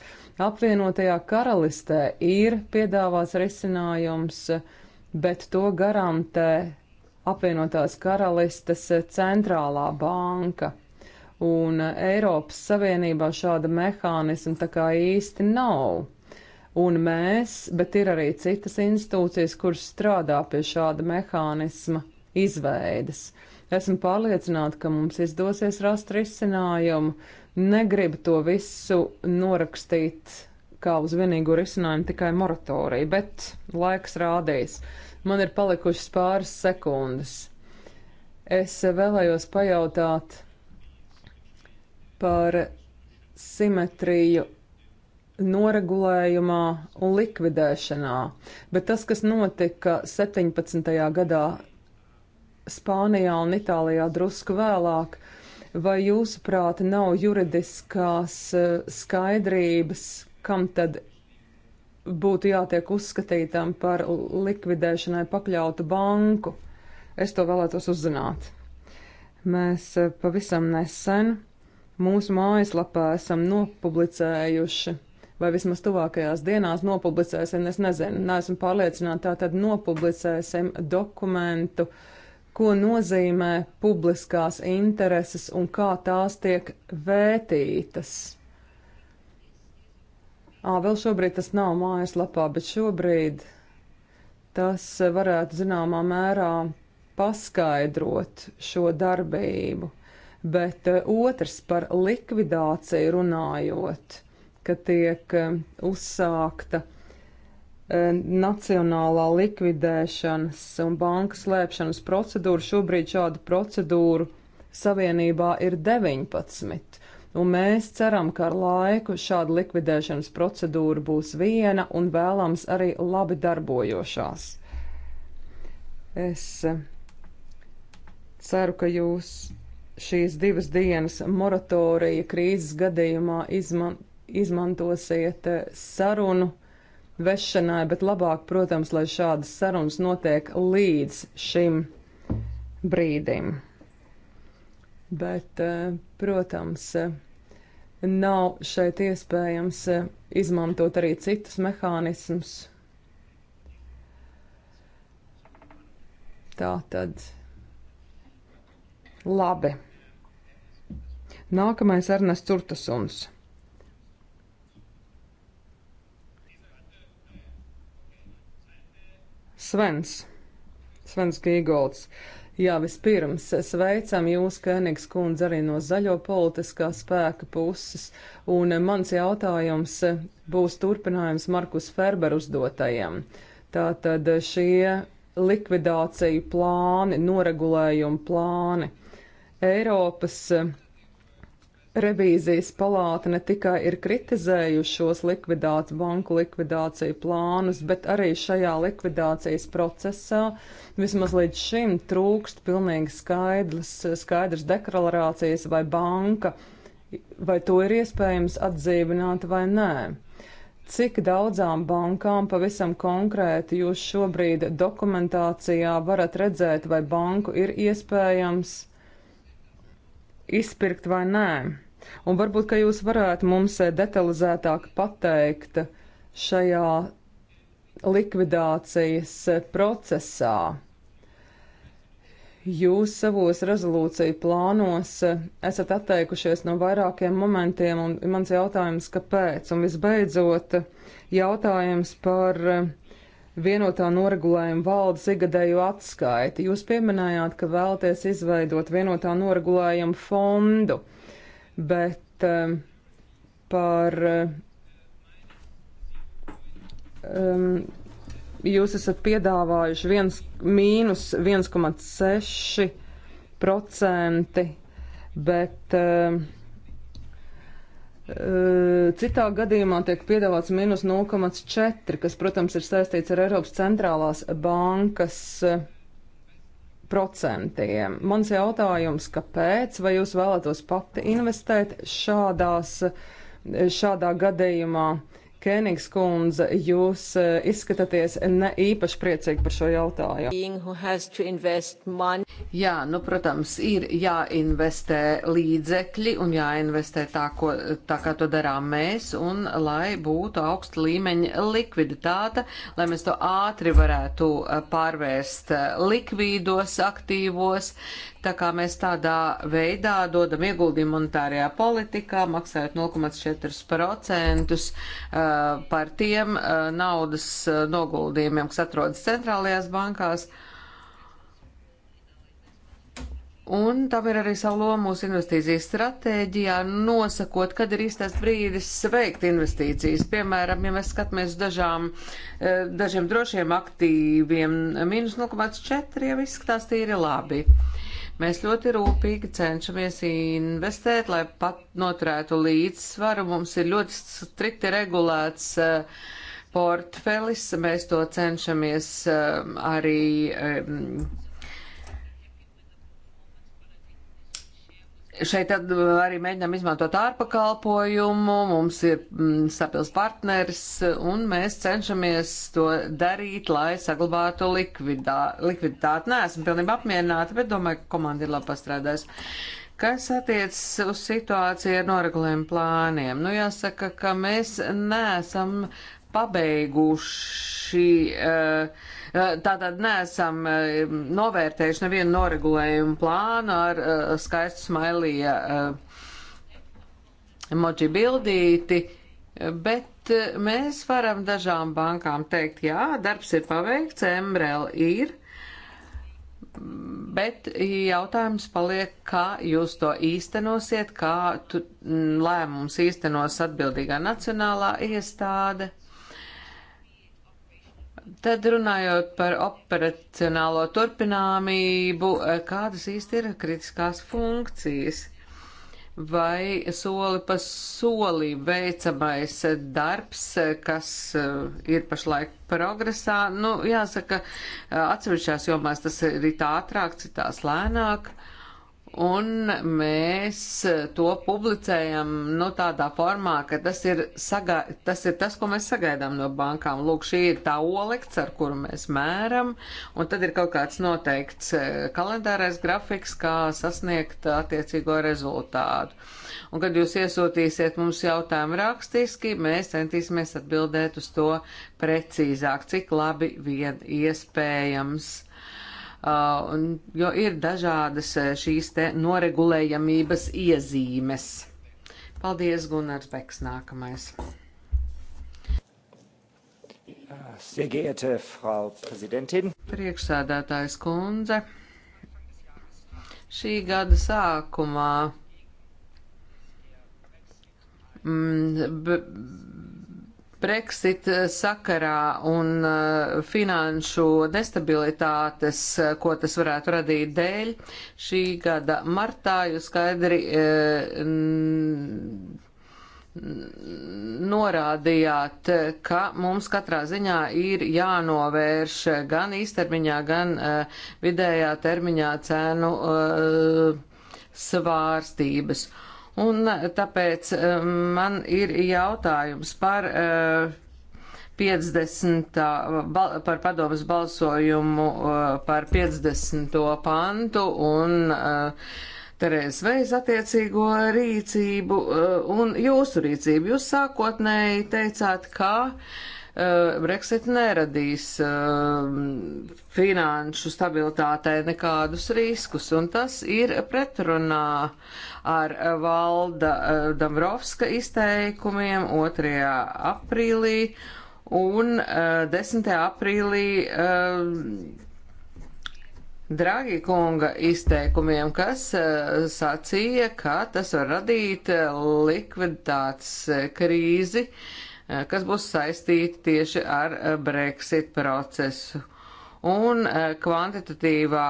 Apvienotajā karalistē ir piedāvāts risinājums, bet to garantē apvienotās karalistes centrālā banka. Un Eiropas Savienībā šāda mehānisma tā kā īsti nav. Un mēs, bet ir arī citas institūcijas, kuras strādā pie šāda mehānisma izveidas. Esmu pārliecināta, ka mums izdosies rast risinājumu. Negribu to visu norakstīt kā uz vienīgo risinājumu tikai moratoriju, bet laiks rādīs. Man ir palikušas pāris sekundes. Es vēlējos pajautāt par simetriju noregulējumā un likvidēšanā, bet tas, kas notika 17. gadā Spānijā un Itālijā drusku vēlāk. Vai jūsuprāt nav juridiskās eh, skaidrības, kam tad būtu jātiek uzskatītam par likvidēšanai pakļautu banku? Es to vēlētos uzzināt. Mēs eh, pavisam nesen mūsu mājaslapā esam nopublicējuši vai vismaz tuvākajās dienās nopublicēsim, es nezinu, neesmu pārliecināta, tā tad nopublicēsim dokumentu ko nozīmē publiskās intereses un kā tās tiek vētītas. Ā, vēl šobrīd tas nav mājaslapā, bet šobrīd tas varētu zināmā mērā paskaidrot šo darbību. Bet e, otrs par likvidāciju runājot, ka tiek e, uzsākta nacionālā likvidēšanas un bankas slēpšanas procedūra. Šobrīd šādu procedūru savienībā ir 19. Un mēs ceram, ka ar laiku šāda likvidēšanas procedūra būs viena un vēlams arī labi darbojošās. Es eh, ceru, ka jūs šīs divas dienas moratorija krīzes gadījumā izman izmantosiet eh, sarunu vešanai, bet labāk, protams, lai šādas sarunas notiek līdz šim brīdim. Bet, eh, protams, eh, nav šeit iespējams eh, izmantot arī citus mehānismus. Tā tad labi. Nākamais Ernests Urtasuns. Svens. Svens Gīgolds. Jā, vispirms sveicam jūs, Kenigs kundze, arī no zaļo politiskā spēka puses, un mans jautājums būs turpinājums Markus Ferber uzdotajam. Tātad šie likvidāciju plāni, noregulējumu plāni. Eiropas Revīzijas palāta ne tikai ir kritizējušos likvidāciju, banku likvidāciju plānus, bet arī šajā likvidācijas procesā vismaz līdz šim trūkst pilnīgi skaidrs, skaidrs deklarācijas vai banka, vai to ir iespējams atdzīvināt vai nē. Cik daudzām bankām pavisam konkrēti jūs šobrīd dokumentācijā varat redzēt, vai banku ir iespējams izpirkt vai nē. Un varbūt, ka jūs varētu mums detalizētāk pateikt šajā likvidācijas procesā. Jūs savos rezolūciju plānos esat atteikušies no vairākiem momentiem, un mans jautājums, kāpēc? Un visbeidzot, jautājums par uh, vienotā noregulējuma valdes igadēju atskaiti. Jūs pieminējāt, ka vēlaties izveidot vienotā noregulējuma fondu, bet um, par. Um, jūs esat piedāvājuši viens, mīnus 1,6%, bet. Um, Eh, citā gadījumā tiek piedāvāts mīnus 0,4, kas, protams, ir saistīts ar Eiropas centrālās bankas eh, procentiem. Mans jautājums, kāpēc, vai jūs vēlētos pati investēt šādās, eh, šādā gadījumā? Uh, Kēnigskundze, jūs e, izskatāties ne īpaši priecīgi par šo jautājumu. Jā, nu, protams, ir jāinvestē līdzekļi un jāinvestē tā, ko, tā kā to darām mēs, un lai būtu augsta līmeņa likviditāte, lai mēs to ātri varētu e, pārvērst e, likvīdos aktīvos, tā kā mēs tādā veidā dodam ieguldījumu monetārajā politikā, maksājot 0,4% eh, par tiem eh, naudas eh, noguldījumiem, kas atrodas centrālajās bankās. Un tam ir arī savu lomu mūsu investīcijas stratēģijā, nosakot, kad ir īstais brīdis veikt investīcijas. Piemēram, ja mēs skatāmies dažām, dažiem drošiem aktīviem, mīnus 0,4 jau izskatās tīri labi. Uh, Mēs ļoti rūpīgi cenšamies investēt, lai pat noturētu līdzsvaru. Mums ir ļoti strikti regulēts uh, portfelis. Mēs to cenšamies uh, arī um, Šeit tad arī mēģinām izmantot ārpakalpojumu, mums ir mm, stabils partners, un mēs cenšamies to darīt, lai saglabātu likvidā, likviditāti. Nē, esmu pilnībā apmierināta, bet domāju, ka komanda ir labi pastrādājusi. Kas attiecas uz situāciju ar noregulējumu plāniem? Nu, jāsaka, ka mēs neesam pabeiguši. Uh, E, tātad neesam e, novērtējuši nevienu noregulējumu plānu ar e, skaistu smailīja emoji bildīti, bet mēs varam dažām bankām teikt, jā, darbs ir paveikts, MRL ir, bet jautājums paliek, kā jūs to īstenosiet, kā tu, lēmums īstenos atbildīgā nacionālā iestāde. Tad runājot par operacionālo turpināmību, eh, kādas īsti ir kritiskās funkcijas? Vai soli pa solī veicamais darbs, kas eh, ir pašlaik progresā, nu, jāsaka, eh, atsevišķās jomās tas ir tā ātrāk, citās lēnāk un mēs to publicējam nu, tādā formā, ka tas ir, sagā, tas ir tas, ko mēs sagaidām no bankām. Lūk, šī ir tā olekts, ar kuru mēs mēram, un tad ir kaut kāds noteikts eh, kalendārais grafiks, kā sasniegt attiecīgo rezultātu. Un, kad jūs iesūtīsiet mums jautājumu rakstiski, mēs centīsimies atbildēt uz to precīzāk, cik labi vien iespējams Uh, jo ir dažādas uh, šīs te noregulējamības iezīmes. Paldies, Gunārs Beks, nākamais. Sehr geehrte Frau Präsidentin. Priekšsēdētājs kundze. Šī gada sākumā mm, Brexit eh, sakarā un eh, finanšu destabilitātes, eh, ko tas varētu radīt dēļ, šī gada martā jūs skaidri norādījāt, ka mums katrā ziņā ir jānovērš gan īstermiņā, gan uh, vidējā termiņā cēnu uh, svārstības. Uh, Un tāpēc eh, man ir jautājums par 50. Eh, par padomas balsojumu eh, par 50. pantu un Terēzes Veiz attiecīgo rīcību un jūsu rīcību. Jūs sākotnēji teicāt, ka Eh, Brexit neradīs eh, finanšu stabilitātei nekādus riskus, un tas ir pretrunā ar valda eh, Damrovska izteikumiem 2. aprīlī un 10. aprīlī Dragi kunga izteikumiem, kas sacīja, ka tas var radīt likviditātes krīzi, uh, Eh, kas būs saistīti tieši ar eh, Brexit procesu. Un eh, kvantitatīvā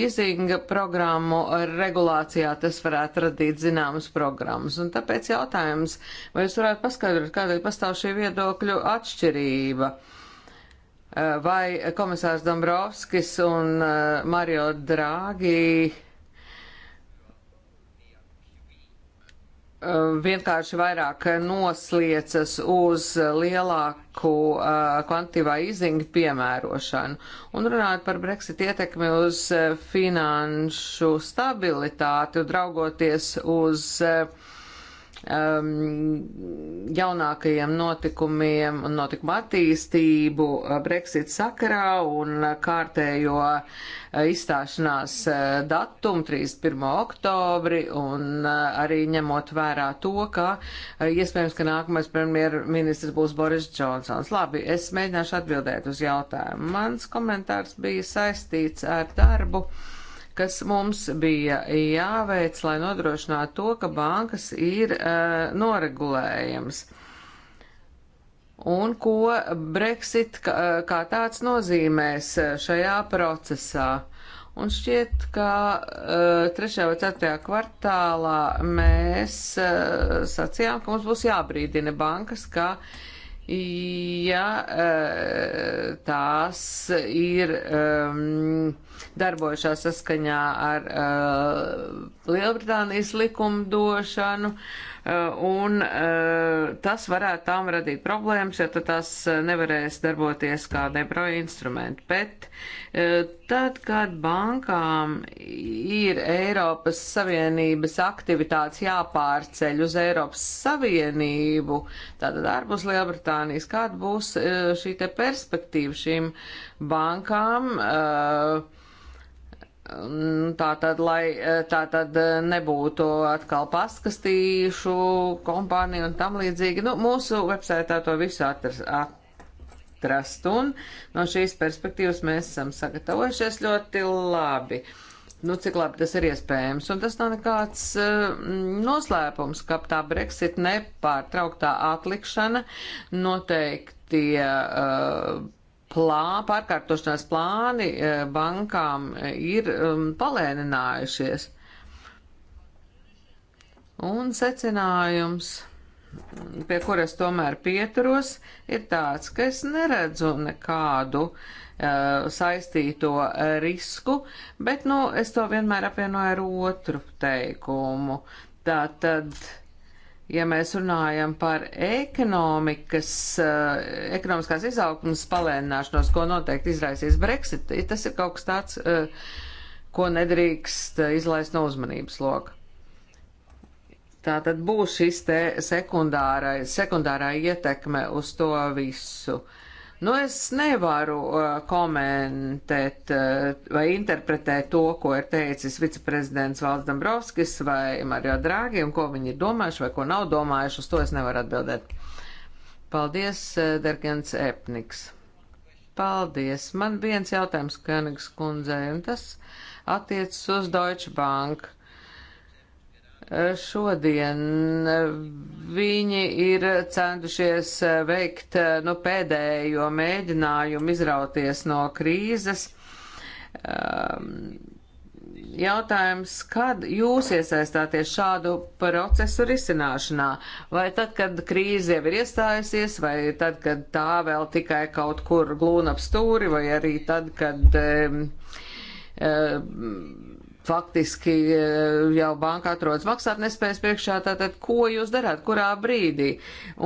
īzinga programmu regulācijā tas varētu radīt zināmas programmas. Un tāpēc jautājums, vai jūs varētu paskaidrot, kādēļ pastāv šī viedokļu atšķirība? Vai komisārs Dombrovskis un Mario Draghi Um, vienkārši vairāk nosliecas uz lielāku uh, kvantitīvā izinga piemērošanu. Un runājot par Brexit ietekmi uz uh, finanšu stabilitāti un draugoties uz uh, Um, jaunākajiem notikumiem un notikuma attīstību uh, Brexit sakarā un kārtējo uh, izstāšanās uh, datumu 31. oktobri un arī ņemot vērā to, ka iespējams, ka nākamais premjerministrs būs Boris Džonsons. Labi, es mēģināšu atbildēt uz jautājumu. Mans komentārs bija saistīts ar darbu kas mums bija jāveic, lai nodrošinātu to, ka bankas ir uh, noregulējams. Un ko Brexit kā, eh, kā tāds nozīmēs eh, šajā procesā? Un šķiet, ka uh, 3. vai 4. kvartālā mēs uh, sacījām, ka mums būs jābrīdina bankas, ka uh, ja e, tās ir e, darbojušās saskaņā ar e, Lielbritānijas likumdošanu, Eh, un eh, tas varētu tām radīt problēmas, jo tad tās eh, nevarēs darboties kā debroja instrumenti. Bet tad, kad bankām ir Eiropas Savienības aktivitātes jāpārceļ uz Eiropas Savienību, tātad ārpus Lielbritānijas, kāda būs šī te perspektīva šīm bankām? Uh, Nu, tā tad, lai tā tad nebūtu atkal paskastīšu kompāniju un tam līdzīgi. Nu, mūsu websētā to visu atrast, atrast un no šīs perspektīvas mēs esam sagatavojušies ļoti labi. Nu, cik labi tas ir iespējams, un tas nav nekāds uh, noslēpums, ka tā Brexit nepārtrauktā atlikšana noteikti. Uh, plā, pārkārtošanās plāni e, bankām e, ir um, palēninājušies. Un secinājums, pie kuras tomēr pieturos, ir tāds, ka es neredzu nekādu uh, saistīto risku, bet, nu, es to vienmēr apvienoju ar otru teikumu. Tātad. tad ja mēs runājam par ekonomikas, eh, ekonomiskās izaugsmas palēnināšanos, ko noteikti izraisīs Brexit, tas ir kaut kas tāds, eh, ko nedrīkst izlaist no uzmanības loka. Tā tad būs šis te sekundārā, sekundārā ietekme uz to visu. Uh, Nu, es nevaru uh, komentēt uh, vai interpretēt to, ko ir teicis viceprezidents Valds Dombrovskis vai Mario Drāgi, un ko viņi ir domājuši vai ko nav domājuši, uz to es nevaru atbildēt. Paldies, uh, Dergens Epniks. Paldies. Man viens jautājums Kenigs kundzei, un tas attiecas uz Deutsche Bank. Uh, Šodien viņi ir centušies veikt nu, pēdējo mēģinājumu izrauties no krīzes. Ehm, jautājums, kad jūs iesaistāties šādu procesu risināšanā? Vai tad, kad krīze jau ir iestājusies, vai tad, kad tā vēl tikai kaut kur glūna ap stūri, vai arī tad, kad. Um, um, faktiski e, jau banka atrodas maksātnespējas priekšā, tātad ko jūs darāt, kurā brīdī?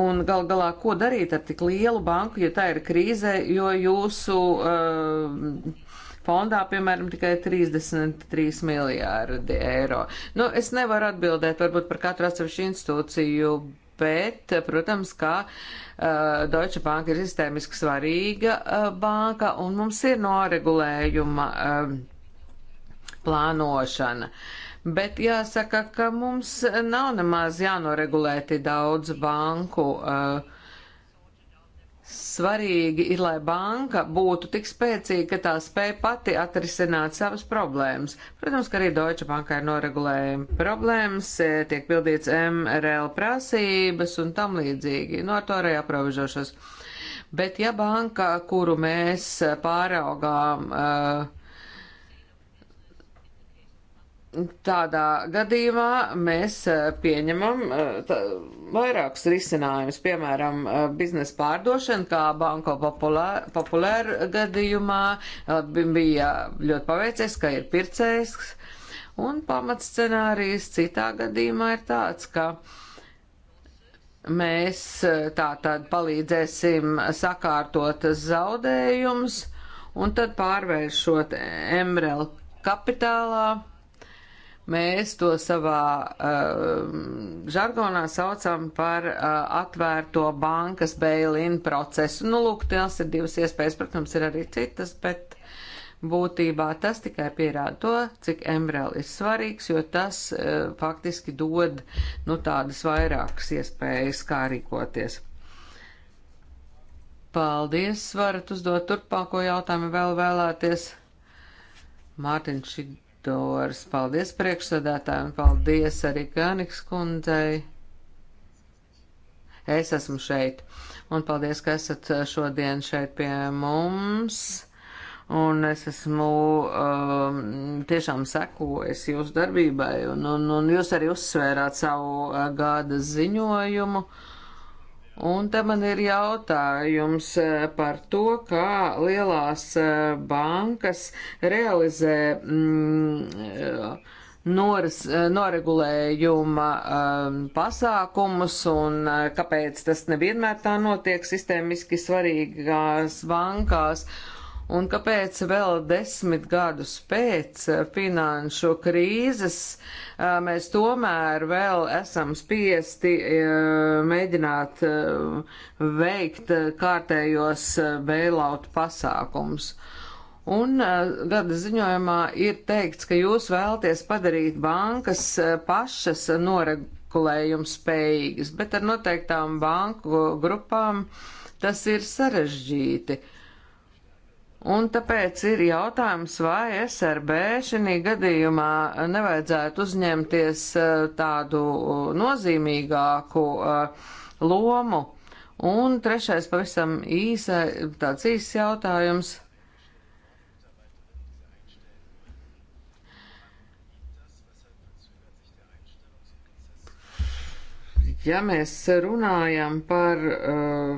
Un gal galā, ko darīt ar tik lielu banku, ja tā ir krīze, jo jūsu uh, fondā, piemēram, tikai 33 miljārdi eiro. Nu, es nevaru atbildēt varbūt par katru atsevišķu institūciju. Bet, protams, kā uh, e, Deutsche Bank ir sistēmiski svarīga uh, banka un mums ir noregulējuma uh, plānošana. Bet jāsaka, ka mums nav nemaz jānoregulēti daudz banku. Eh, svarīgi ir, lai banka būtu tik spēcīga, ka tā spēja pati atrisināt savas problēmas. Protams, ka arī Deutsche Bankai ir noregulējumi problēmas, eh, tiek pildīts MRL prasības un tam līdzīgi. No nu, ar to arī aprobežošos. Bet ja banka, kuru mēs pāraugām, uh, Tādā gadījumā mēs eh, pieņemam eh, tā, vairākus risinājumus, piemēram, eh, biznesa pārdošana, kā Banko populāra populār gadījumā bija ļoti paveicies, ka ir pircējs, un pamatscenārijs citā gadījumā ir tāds, ka mēs tā tad palīdzēsim sakārtot zaudējumus, un tad pārvēršot Emrel kapitālā Mēs to savā uh, žargonā saucam par uh, atvērto bankas bail-in procesu. Nu, lūk, tās ir divas iespējas, protams, ir arī citas, bet būtībā tas tikai pierāda to, cik MRL ir svarīgs, jo tas uh, faktiski dod, nu, tādas vairākas iespējas, kā rīkoties. Paldies, varat uzdot turpmāko jautājumu vēl vēlēties. Mārtiņš šī koordinators. Paldies priekšsēdētājiem, paldies arī Kāniks kundzei. Es esmu šeit. Un paldies, ka esat uh, šodien šeit pie mums. Un es esmu um, tiešām sekojis jūsu darbībai, un, un, un jūs arī uzsvērāt savu uh, gada ziņojumu. Uh, Un te man ir jautājums eh, par to, kā lielās eh, bankas realizē mm, eh, noras, noregulējuma pasākumus un kāpēc tas nevienmēr tā notiek sistēmiski svarīgās bankās. Uh, Un kāpēc vēl desmit gadus pēc finanšu krīzes mēs tomēr vēl esam spiesti mēģināt veikt kārtējos bailout pasākums? Un gada ziņojumā ir teikts, ka jūs vēlties padarīt bankas pašas noregulējumu spējīgas, bet ar noteiktām banku grupām tas ir sarežģīti. Uh, Un tāpēc ir jautājums, vai SRB šī gadījumā nevajadzētu uzņemties eh, tādu eh, nozīmīgāku eh, lomu. Un trešais pavisam īsa, tāds īsts jautājums. Ja mēs runājam par uh,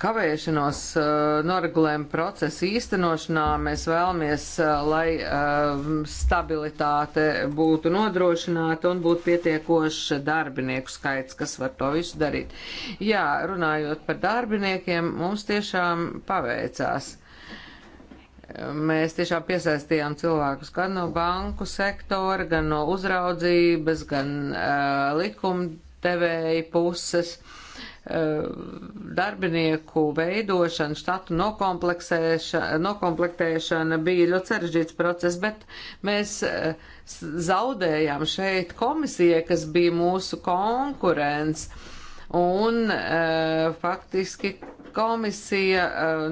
kavēšanos eh, noregulējuma procesa īstenošanā. Mēs vēlamies, eh, lai eh, stabilitāte būtu nodrošināta un būtu pietiekošs darbinieku skaits, kas var to visu darīt. Jā, runājot par darbiniekiem, mums tiešām paveicās mēs tiešām piesaistījām cilvēkus gan no banku sektora, gan no uzraudzības, gan uh, likumdevēja puses. Uh, Eh, darbinieku veidošana, štatu nokomplektēšana bija ļoti sarežģīts process, bet mēs eh, zaudējām šeit komisijai, kas bija mūsu konkurents. Un eh, faktiski komisija,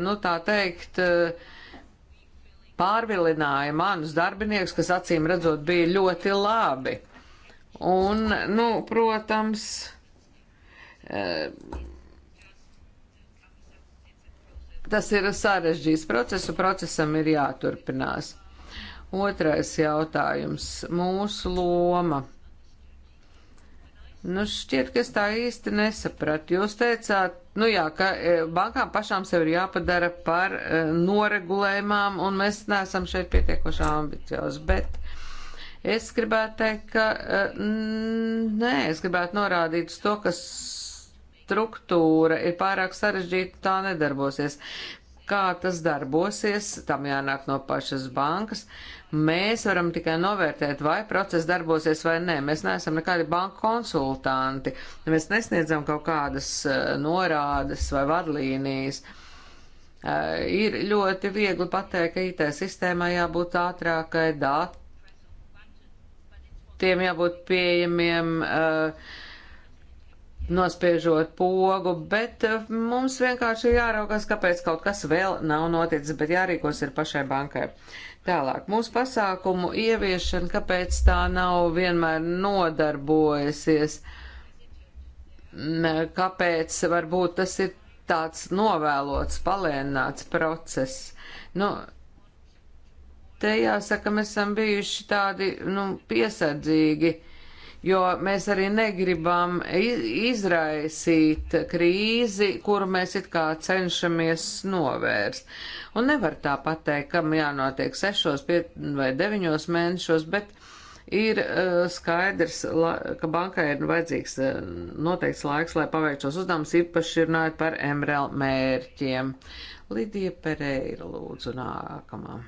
nu tā teikt, pārvilināja manus darbiniekus, kas acīm redzot bija ļoti labi. Un, nu, protams, E, tas ir sarežģīts process, un procesam ir jāturpinās. Otrais jautājums - mūsu loma. Nu, šķiet, ka es tā īsti nesapratu. Jūs teicāt, nu jā, ka e, bankām pašām sev ir jāpadara par e, noregulējumām, un mēs neesam šeit pietiekoši ambiciozi, bet es gribētu teikt, ka nē, es gribētu norādīt uz to, kas struktūra ir pārāk sarežģīta, tā nedarbosies. Kā tas darbosies, tam jānāk no pašas bankas. Mēs varam tikai novērtēt, vai process darbosies vai nē. Mēs neesam nekādi banka konsultanti. Mēs nesniedzam kaut kādas eh, norādes vai vadlīnijas. Eh, ir ļoti viegli pateikt, ka IT sistēmai jābūt ātrākai, datiem jābūt pieejamiem. Uh, nospiežot pogu, bet eh, mums vienkārši jāraugās, kāpēc kaut kas vēl nav noticis, bet jārīkos ir pašai bankai. Tālāk, mūsu pasākumu ieviešana, kāpēc tā nav vienmēr nodarbojusies, kāpēc varbūt tas ir tāds novēlots, palēnāts process. Nu, te jāsaka, mēs esam bijuši tādi, nu, piesardzīgi jo mēs arī negribam izraisīt krīzi, kuru mēs it kā cenšamies novērst. Un nevar tā pateikt, kam jānotiek sešos vai deviņos mēnešos, bet ir uh, skaidrs, la, ka bankai ir vajadzīgs uh, noteikts laiks, lai paveiktu šos uzdevumus, īpaši runājot par MRL mērķiem. Lidija Pereira lūdzu nākamā.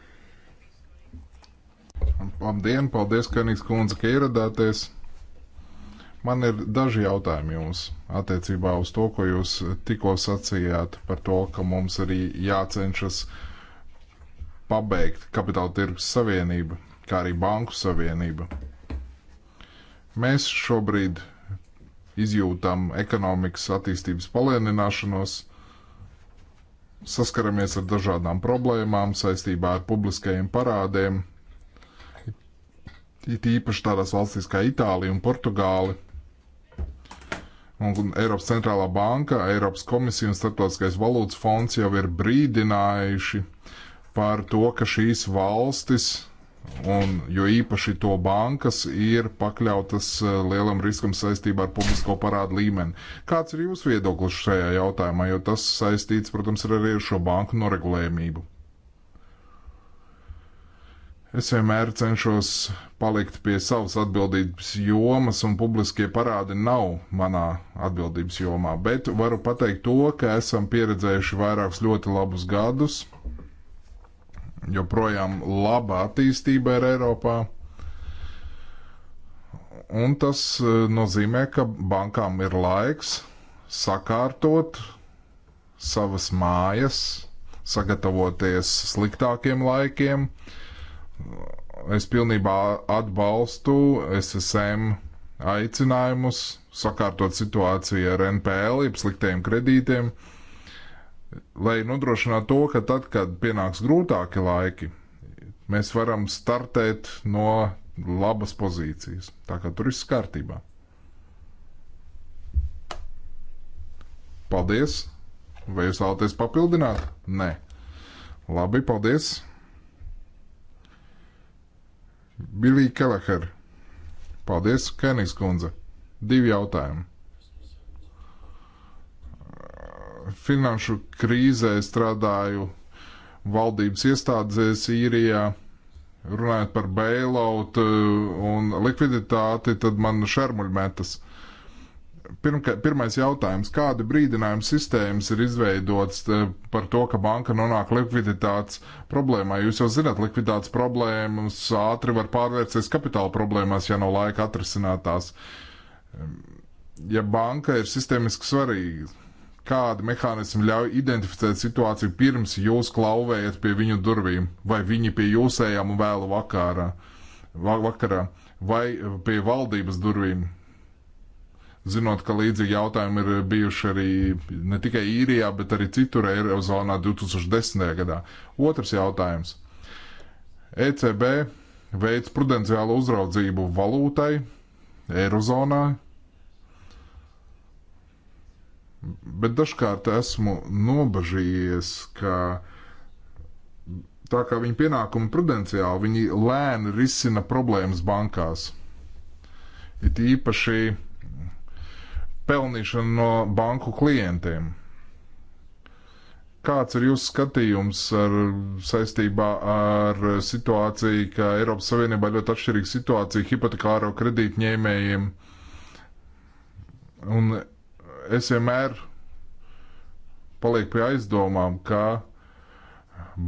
Labdien, paldies, Kanīgs kundze, ka ieradāties! Man ir daži jautājumi jums attiecībā uz to, ko jūs tikko sacījāt par to, ka mums arī jācenšas pabeigt kapitāla tirgus savienību, kā arī banku savienību. Mēs šobrīd izjūtam ekonomikas attīstības palēnināšanos, saskaramies ar dažādām problēmām saistībā ar publiskajiem parādiem, it īpaši tādās valstīs kā Itālija un Portugāli Un Eiropas centrālā banka, Eiropas komisija un Startautiskais valūtas fonds jau ir brīdinājuši par to, ka šīs valstis, un jo īpaši to bankas, ir pakļautas eh, lielam riskam saistībā ar publisko parādu līmeni. Kāds ir jūsu viedoklis šajā jautājumā, jo tas saistīts, protams, arī ar šo banku noregulējumību? Es vienmēr cenšos palikt pie savas atbildības jomas, un publiskie parādi nav manā atbildības jomā, bet varu pateikt to, ka esam pieredzējuši vairākus ļoti labus gadus, joprojām laba attīstība ir Eiropā. Un tas e, nozīmē, ka bankām ir laiks sakārtot savas mājas, sagatavoties sliktākiem laikiem, uh, es pilnībā atbalstu SSM aicinājumus sakārtot situāciju ar NPL, jeb sliktiem kredītiem, lai nodrošinātu to, ka tad, kad pienāks grūtāki laiki, mēs varam startēt no labas pozīcijas. Tā kā tur viss kārtībā. Paldies! Vai jūs vēlaties papildināt? Nē. Labi, paldies! Billy Keleher. Paldies, Kenijs kundze. Divi jautājumi. Finanšu krīzē strādāju valdības iestādzēs īrijā. Runājot par bailout eh, un likviditāti, tad man šermuļmetas. metas pirmka, pirmais jautājums, kāda brīdinājuma sistēmas ir izveidotas eh, par to, ka banka nonāk likviditātes problēmā? Jūs jau zināt, likviditātes problēmas ātri var pārvērsties kapitāla problēmās, ja nav laika atrisinātās. Ja banka ir sistēmiski svarīga, kāda mehānismi ļauj identificēt situāciju pirms jūs klauvējat pie viņu durvīm vai viņi pie jūsējām un vēlu vakarā, vakarā vai eh, pie valdības durvīm? zinot, ka līdzīgi jautājumi ir bijuši arī ne tikai īrijā, bet arī citur Eirozonā 2010. gadā. Otrs jautājums. ECB veids prudenciālu uzraudzību valūtai Eirozonā, bet dažkārt esmu nobažījies, ka tā kā viņa pienākumi prudenciāli, viņi lēni risina problēmas bankās. It īpaši pelnīšanu no banku klientiem. Kāds ir jūsu skatījums ar, saistībā ar situāciju, ka Eiropas Savienībā ļoti atšķirīga situācija hipotekāro kredītņēmējiem? Un es vienmēr palieku pie aizdomām, ka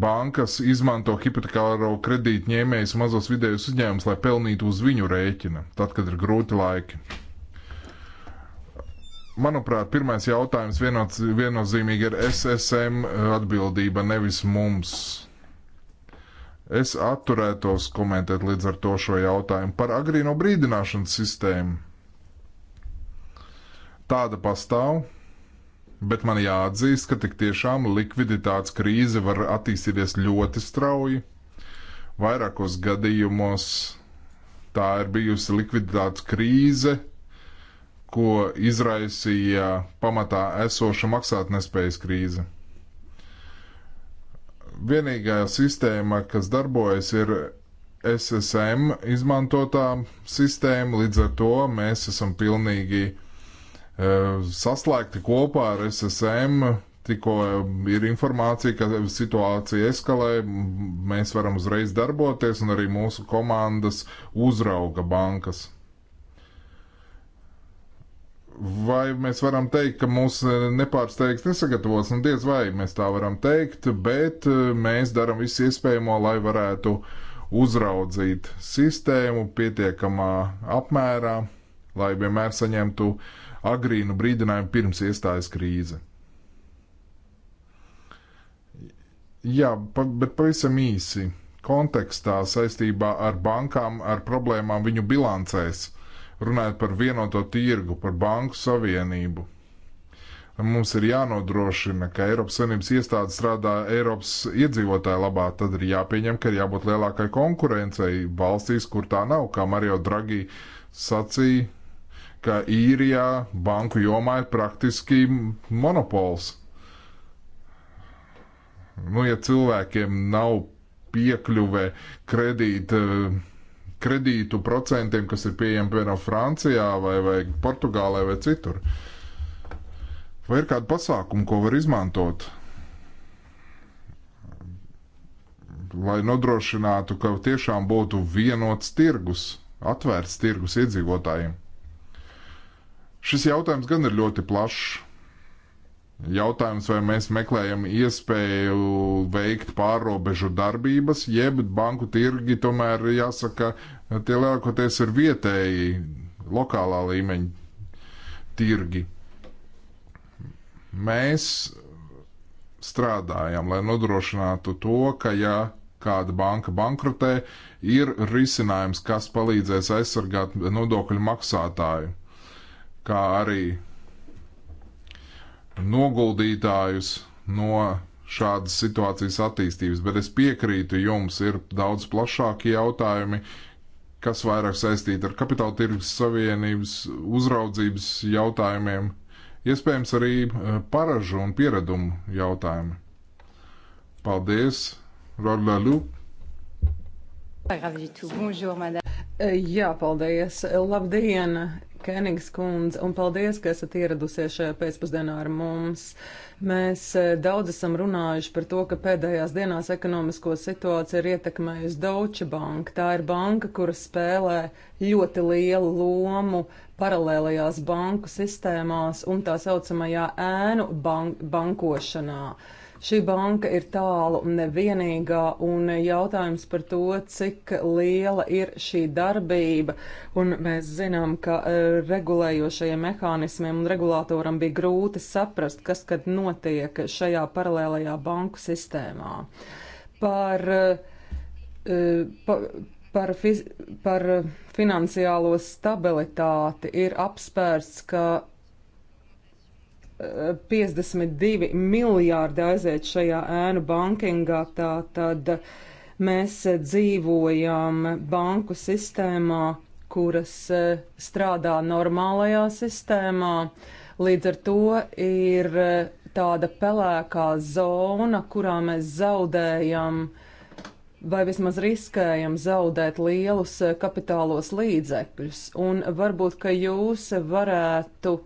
bankas izmanto hipotekāro kredītņēmējus mazos vidējos uzņēmumus, lai pelnītu uz viņu rēķina, tad, kad ir grūti laiki. Manuprāt, pirmais jautājums vienots, viennozīmīgi ir SSM atbildība, nevis mums. Es atturētos komentēt līdz ar to šo jautājumu par agrīno brīdināšanas sistēmu. Tāda pastāv, bet man jāatzīst, ka tik tiešām likviditātes krīze var attīstīties ļoti strauji. Vairākos gadījumos tā ir bijusi likviditātes krīze ko izraisīja pamatā esoša maksātnespējas krīze. Vienīgā sistēma, kas darbojas, ir SSM izmantotā sistēma, līdz ar to mēs esam pilnīgi e, saslēgti kopā ar SSM, tikko ir informācija, ka situācija eskalē, mēs varam uzreiz darboties, un arī mūsu komandas uzrauga bankas. Vai mēs varam teikt, ka mūs e, nepārsteigts nesagatavos? Nu, diez vai mēs tā varam teikt, bet e, mēs darām visu iespējamo, lai varētu uzraudzīt sistēmu pietiekamā apmērā, lai vienmēr saņemtu agrīnu brīdinājumu pirms iestājas krīze. Jā, pa, bet pavisam īsi kontekstā saistībā ar bankām, ar problēmām viņu bilancēs runājot par vienoto tirgu, par banku savienību. Mums ir jānodrošina, ka Eiropas Savienības iestādes strādā Eiropas iedzīvotāju labā. Tad ir jāpieņem, ka ir jābūt lielākai konkurencei valstīs, kur tā nav. Kā Mario Draghi sacīja, ka īrijā banku jomā ir praktiski monopols. Nu, ja cilvēkiem nav piekļuve kredīta. Uh, kredītu procentiem, kas ir pieejami piemēram Francijā vai, vai Portugālē vai citur? Vai ir kāda pasākuma, ko var izmantot, lai nodrošinātu, ka tiešām būtu vienots tirgus, atvērts tirgus iedzīvotājiem? Šis jautājums gan ir ļoti plašs Jautājums, vai mēs meklējam iespēju veikt pārobežu darbības, jeb banku tirgi tomēr jāsaka, tie lielākoties ir vietēji, lokālā līmeņa tirgi. Mēs strādājam, lai nodrošinātu to, ka ja kāda banka bankrotē, ir risinājums, kas palīdzēs aizsargāt nodokļu maksātāju, kā arī noguldītājus no šādas situācijas attīstības, bet es piekrītu jums, ir daudz plašāki jautājumi, kas vairāk saistīti ar kapitāla tirgus savienības uzraudzības jautājumiem, iespējams arī eh, paražu un pieredumu jautājumi. Paldies, Rodla Lūk! Eh, jā, paldies! Labdien! Kenings kundze, un paldies, ka esat ieradusies šajā pēcpusdienā ar mums. Mēs eh, daudz esam runājuši par to, ka pēdējās dienās ekonomisko situāciju ir ietekmējusi Deutsche Bank. Tā ir banka, kura spēlē ļoti lielu lomu paralēlajās banku sistēmās un tā saucamajā ēnu bank bankošanā. Uh, Šī banka ir tālu un nevienīgā, un jautājums par to, cik liela ir šī darbība, un mēs zinām, ka e, regulējošajiem mehānismiem un regulātoram bija grūti saprast, kas kad notiek šajā paralēlajā banku sistēmā. Par, e, pa, par, fiz, par e, finansiālo stabilitāti ir apspērts, ka 52 miljārdi aiziet šajā ēnu bankingā, tā tad mēs dzīvojam banku sistēmā, kuras e, strādā normālajā sistēmā. Līdz ar to ir e, tāda pelēkā zona, kurā mēs zaudējam vai vismaz riskējam zaudēt lielus e, kapitālos līdzekļus. Un varbūt, ka jūs varētu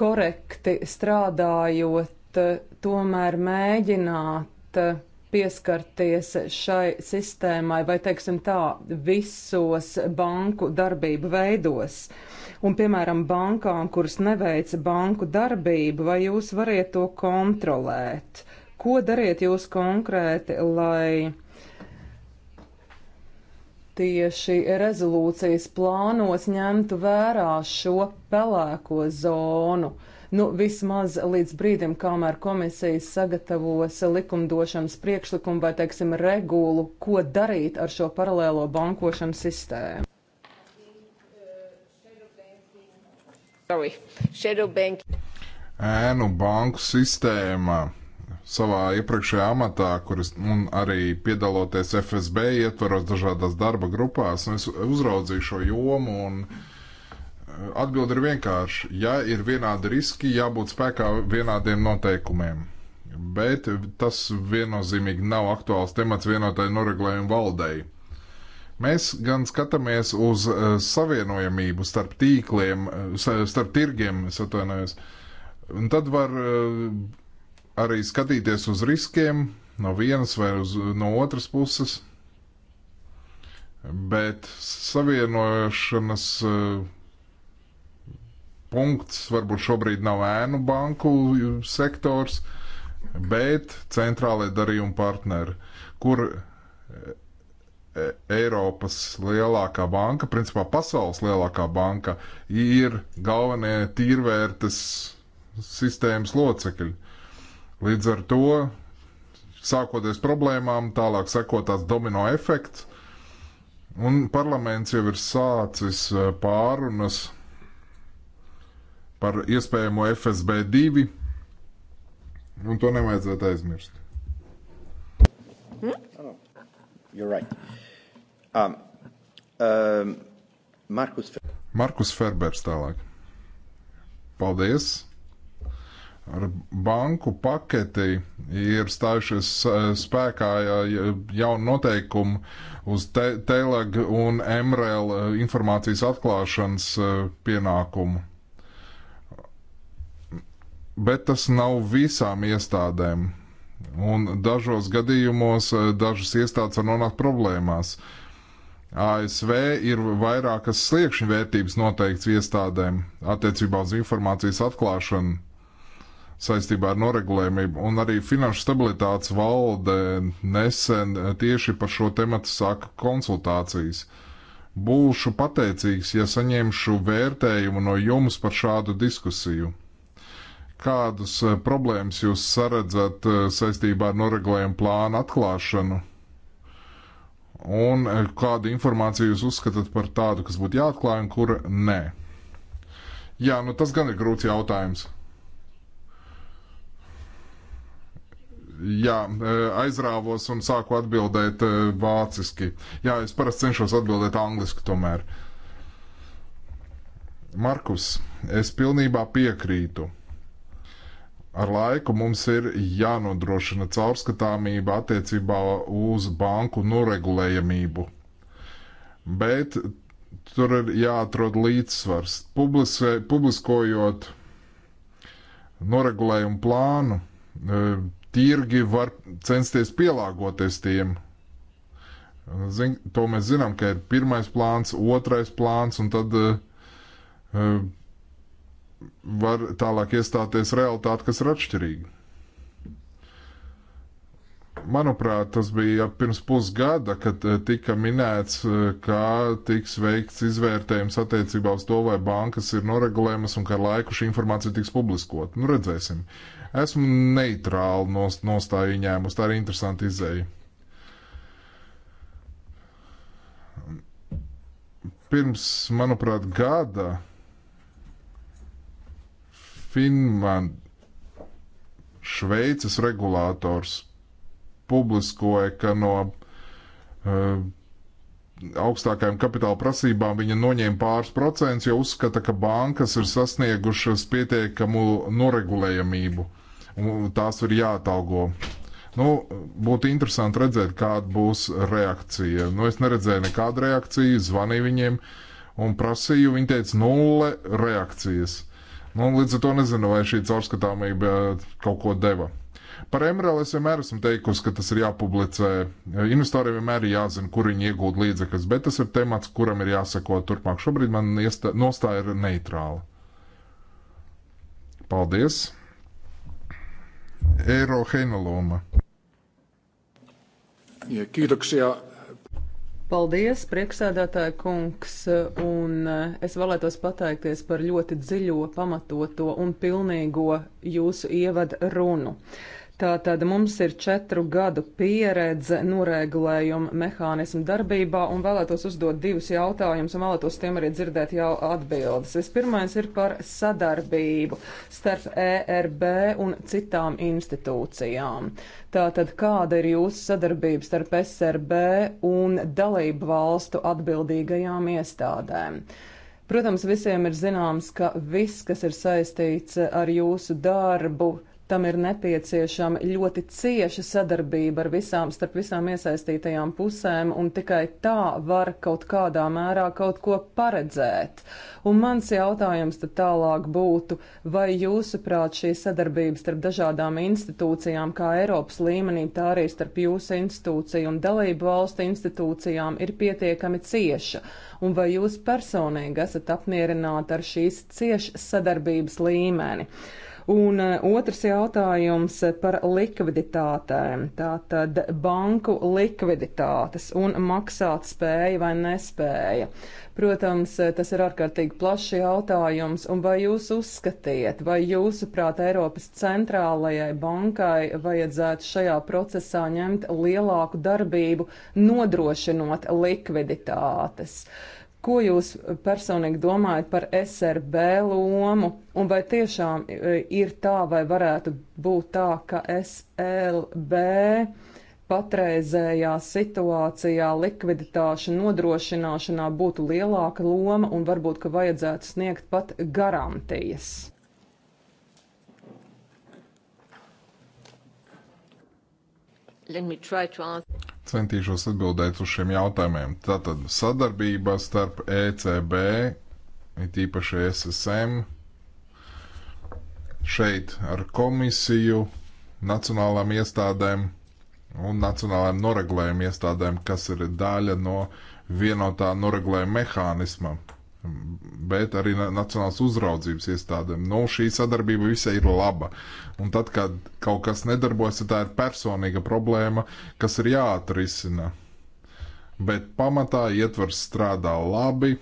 korekti strādājot, tomēr mēģināt pieskarties šai sistēmai vai, teiksim tā, visos banku darbību veidos. Un, piemēram, bankām, kuras neveica banku darbību, vai jūs variet to kontrolēt? Ko dariet jūs konkrēti, lai tieši rezolūcijas plānos ņemt vērā šo pelēko zonu. Nu, vismaz līdz brīdim, kamēr komisija sagatavos likumdošanas priekšlikumu vai, teiksim, regulu, ko darīt ar šo paralēlo bankošanas sistēmu. Sorry. Shadow bank. Ēnu banku sistēmā savā iepriekšējā amatā, kuris un arī piedaloties FSB ietvaros dažādās darba grupās, es uzraudzīju šo jomu un eh, atbildi ir vienkārši. Ja ir vienādi riski, jābūt spēkā vienādiem noteikumiem. Bet tas viennozīmīgi nav aktuāls temats vienotai noregulējumu valdei. Mēs gan skatāmies uz uh, savienojamību starp tīkliem, uh, starp tirgiem, es atvainojos. Un tad var uh, arī skatīties uz riskiem no vienas vai uz, no otras puses, bet savienošanas eh, punkts varbūt šobrīd nav ēnu banku sektors, bet centrālai darījuma partneri, kur eh, eh, Eiropas lielākā banka, principā pasaules lielākā banka, ir galvenie tīrvērtas sistēmas locekļi. Līdz ar to, sākoties problēmām, tālāk sekot tās domino efekts, un parlaments jau ir sācis eh, pārunas par iespējamo FSB2, un to nevajadzētu aizmirst. Hmm? Oh, you're right. Um, um, Markus Ferbers tālāk. Paldies! ar banku paketei ir stājušies eh, spēkā jaunu noteikumu uz te, Teleg un MRL eh, informācijas atklāšanas eh, pienākumu. Bet tas nav visām iestādēm. Un dažos gadījumos dažas iestādes var nonākt problēmās. ASV ir vairākas sliekšņu vērtības noteikts iestādēm attiecībā uz informācijas atklāšanu saistībā ar noregulējumību, un arī Finanšu stabilitātes valde nesen tieši par šo tematu sāka konsultācijas. Būšu pateicīgs, ja saņemšu vērtējumu no jums par šādu diskusiju. Kādas eh, problēmas jūs saredzat eh, saistībā ar noregulējumu plānu atklāšanu? Un eh, kādu informāciju jūs uzskatāt par tādu, kas būtu jāatklāj un kura nē? Jā, nu tas gan ir grūts jautājums. Jā, e, aizrāvos un sāku atbildēt e, vāciski. Jā, es parasti cenšos atbildēt angliski tomēr. Markus, es pilnībā piekrītu. Ar laiku mums ir jānodrošina caurskatāmība attiecībā uz banku noregulējamību. Bet tur ir jāatrod līdzsvars. Publiskojot noregulējumu plānu, e, tirgi var censties pielāgoties tiem. Zin, to mēs zinām, ka ir pirmais plāns, otrais plāns, un tad uh, var tālāk iestāties realitāte, kas ir atšķirīga. Manuprāt, tas bija pirms pusgada, kad eh, tika minēts, eh, kā tiks veikts izvērtējums attiecībā uz to, vai bankas ir noregulējumas un ka ar laiku šī informācija tiks publiskot. Nu, redzēsim. Uh, Esmu neitrāli nostāju ņēmus, tā ir interesanta izēja. Pirms, manuprāt, gada Finland, Šveices regulators publiskoja, ka no uh, augstākajām kapitāla prasībām viņa noņēma pāris procentus, jo uzskata, ka bankas ir sasniegušas pietiekamu noregulējamību. Uh, tās ir jāatalgo. Nu, būtu interesanti redzēt, kāda būs reakcija. Nu, es neredzēju nekādu reakciju, zvanīju viņiem un prasīju. Viņi teica, nulle reakcijas. Nu, līdz ar to nezinu, vai šī caurskatāmība kaut ko deva. Par MRL es vienmēr esmu teikusi, ka tas ir jāpublicē. Investoriem vienmēr ir jāzina, kur viņi iegūda līdzekļus, bet tas ir temats, kuram ir jāsako turpmāk. Šobrīd man iestā, nostāja ir neitrāla. Paldies! Eero Heinaloma. Ja, kiitoksia Paldies, priekšsēdētāja kungs, un eh, es vēlētos pateikties par ļoti dziļo, pamatoto un pilnīgo jūsu ievada runu. Tātad mums ir četru gadu pieredze noregulējuma mehānismu darbībā un vēlētos uzdot divus jautājumus un vēlētos tiem arī dzirdēt jau atbildes. Vispirmais ir par sadarbību starp ERB un citām institūcijām. Tātad kāda ir jūsu sadarbība starp SRB un dalību valstu atbildīgajām iestādēm? Protams, visiem ir zināms, ka viss, kas ir saistīts ar jūsu darbu, Tam ir nepieciešama ļoti cieša sadarbība ar visām, starp visām iesaistītajām pusēm, un tikai tā var kaut kādā mērā kaut ko paredzēt. Un mans jautājums tad tālāk būtu, vai jūsuprāt šī sadarbība starp dažādām institūcijām, kā Eiropas līmenī, tā arī starp jūsu institūciju un dalību valstu institūcijām ir pietiekami cieša, un vai jūs personīgi esat apmierināti ar šīs cieša sadarbības līmeni? Un e, otrs jautājums par likviditātēm. Tātad banku likviditātes un maksāt spēja vai nespēja. Protams, e, tas ir ārkārtīgi plašs jautājums. Un vai jūs uzskatiet, vai jūsuprāt Eiropas centrālajai bankai vajadzētu šajā procesā ņemt lielāku darbību, nodrošinot likviditātes? Uh, Ko jūs personīgi domājat par SRB lomu, un vai tiešām e, ir tā, vai varētu būt tā, ka SLB patreizējā situācijā likviditāšu nodrošināšanā būtu lielāka loma un varbūt, ka vajadzētu sniegt pat garantijas? Let me try to answer. Centīšos atbildēt uz šiem jautājumiem. Tātad sadarbība starp ECB, it īpaši SSM, šeit ar komisiju, nacionālām iestādēm un nacionālām noregulējuma iestādēm, kas ir daļa no vienotā noregulējuma mehānisma bet arī Nacionālās uzraudzības iestādēm. Nu, šī sadarbība visai ir laba. Un tad, kad kaut kas nedarbojas, tā ir personīga problēma, kas ir jāatrisina. Bet pamatā ietvers strādā labi,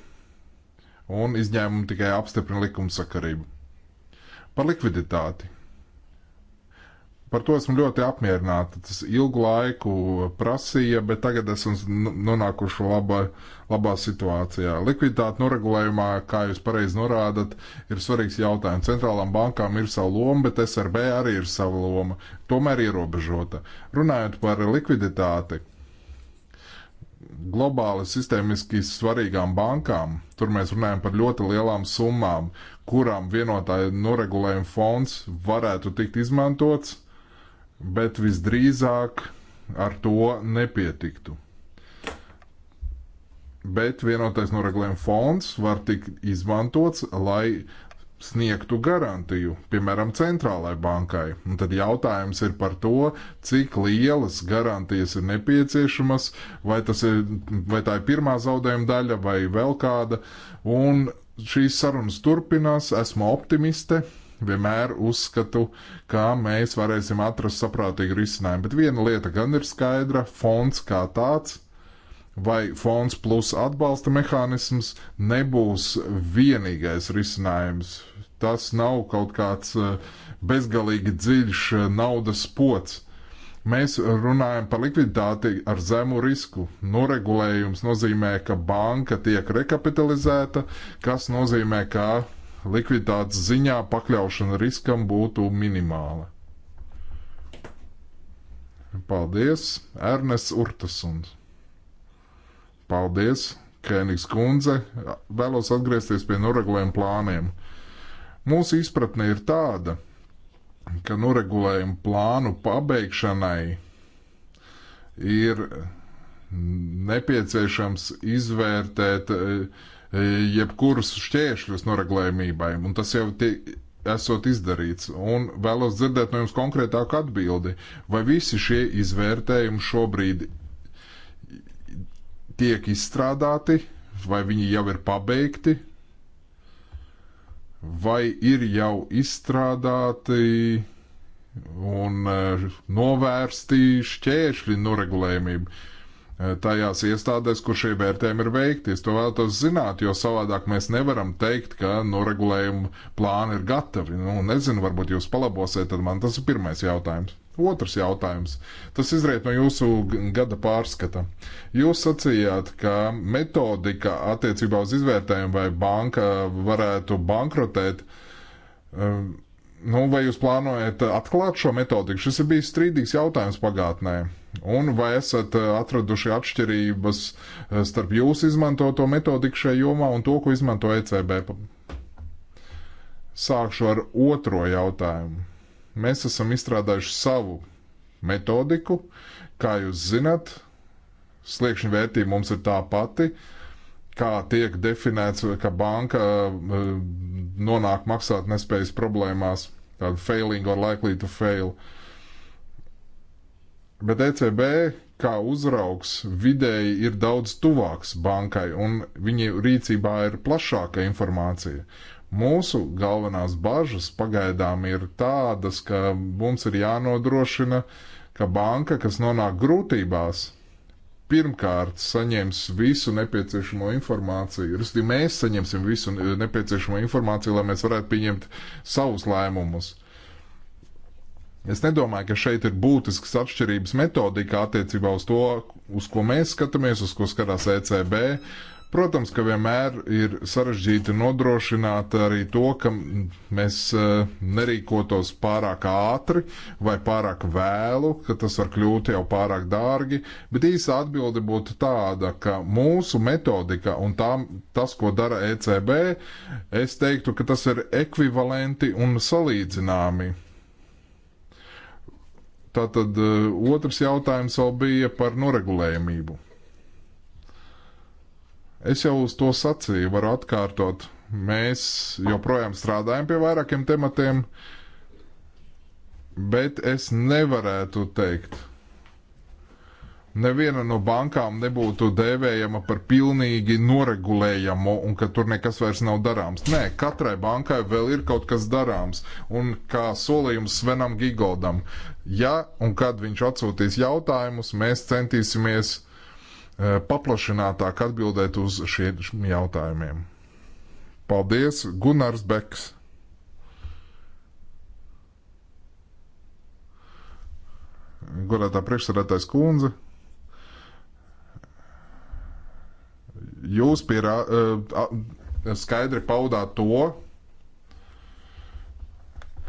un izņēmumi tikai apstiprina likumsakarību. Par likviditāti. Par to esmu ļoti apmierināta. Tas ilgu laiku prasīja, bet tagad esam nu- nonākuši labā, labā situācijā. Likviditāte noregulējumā, kā jūs pareizi norādat, ir svarīgs jautājums. Centrālām bankām ir sava loma, bet SRB arī ir sava loma, tomēr ierobežota. Runājot par likviditāti, globāli sistēmiski svarīgām bankām, tur mēs runājam par ļoti lielām summām, kurām vienotāja noregulējuma fonds varētu tikt izmantots bet visdrīzāk ar to nepietiktu. Bet vienotais noregulējuma fonds var tikt izmantots, lai sniegtu garantiju, piemēram, centrālai bankai. Un tad jautājums ir par to, cik lielas garantijas ir nepieciešamas, vai, ir, vai tā ir pirmā zaudējuma daļa vai vēl kāda. Un šīs sarunas turpinās, esmu optimiste, vienmēr uzskatu, kā mēs varēsim atrast saprātīgu risinājumu. Bet viena lieta gan ir skaidra - fonds kā tāds vai fonds plus atbalsta mehānisms nebūs vienīgais risinājums. Tas nav kaut kāds eh, bezgalīgi dziļš eh, naudas pots. Mēs runājam par likviditāti ar zemu risku. Noregulējums nozīmē, ka banka tiek rekapitalizēta, kas nozīmē, ka likviditātes ziņā pakļaušana riskam būtu minimāla. Paldies, Ernests Urtasuns. Paldies, Kēnigs kundze. Vēlos atgriezties pie noregulējuma plāniem. Mūsu izpratne ir tāda, ka noregulējuma plānu pabeigšanai ir nepieciešams izvērtēt uh, E, jebkuras šķēršļus noregulējumībai, un tas jau tiek esot izdarīts, un vēlos dzirdēt no jums konkrētāku atbildi, vai visi šie izvērtējumi šobrīd tiek izstrādāti, vai viņi jau ir pabeigti, vai ir jau izstrādāti un e, novērsti šķēršļi noregulējumību tajās iestādēs, kur šie vērtējumi ir veikti. Es to vēlētos zināt, jo savādāk mēs nevaram teikt, ka noregulējuma nu, plāni ir gatavi. Nu, nezinu, varbūt jūs palabosiet, tad man tas ir pirmais jautājums. Otrs jautājums. Tas izriet no jūsu gada pārskata. Jūs sacījāt, ka metodika attiecībā uz izvērtējumu vai banka varētu bankrotēt. Um, nu, vai jūs plānojat atklāt šo metodiku? Šis ir bijis strīdīgs jautājums pagātnē. Un vai esat eh, atraduši atšķirības eh, starp jūsu izmantoto metodiku šajā jomā un to, ko izmanto ECB? Sākšu ar otro jautājumu. Mēs esam izstrādājuši savu metodiku, kā jūs zinat, sliekšņa vērtība mums ir tā pati. Uh, kā tiek definēts, ka banka eh, nonāk maksāt nespējas problēmās, tāda failing or likely to fail. Bet ECB kā uzraugs vidēji ir daudz tuvāks bankai un viņa rīcībā ir plašāka informācija. Mūsu galvenās bažas pagaidām ir tādas, ka mums ir jānodrošina, ka banka, kas nonāk grūtībās, pirmkārt saņems visu nepieciešamo informāciju. Rusti, mēs saņemsim visu nepieciešamo informāciju, lai mēs varētu pieņemt savus lēmumus. Es nedomāju, ka šeit ir būtisks atšķirības metodika attiecībā uz to, uz ko mēs skatāmies, uz ko skatās ECB, Protams, ka vienmēr ir sarežģīti nodrošināt arī to, ka mēs e, nerīkotos pārāk ātri vai pārāk vēlu, ka tas var kļūt jau pārāk dārgi, bet īsa atbilde būtu tāda, ka mūsu metodika un tā, tas, ko dara ECB, es teiktu, ka tas ir ekvivalenti un salīdzināmi. Tātad e, otrs jautājums vēl bija par noregulējumību. Es jau uz to sacīju, varu atkārtot. Mēs joprojām strādājam pie vairākiem tematiem, bet es nevarētu teikt, neviena no bankām nebūtu dēvējama par pilnīgi noregulējamu un ka tur nekas vairs nav darāms. Nē, katrai bankai vēl ir kaut kas darāms. Un kā solījums Svenam Gigoldam, ja un kad viņš atsūtīs jautājumus, mēs centīsimies Eh, paplašinātāk atbildēt uz šiem jautājumiem. Paldies, Gunārs Beks! Godātā priekšsēdētājs kundze, jūs pierā, eh, skaidri paudāt to,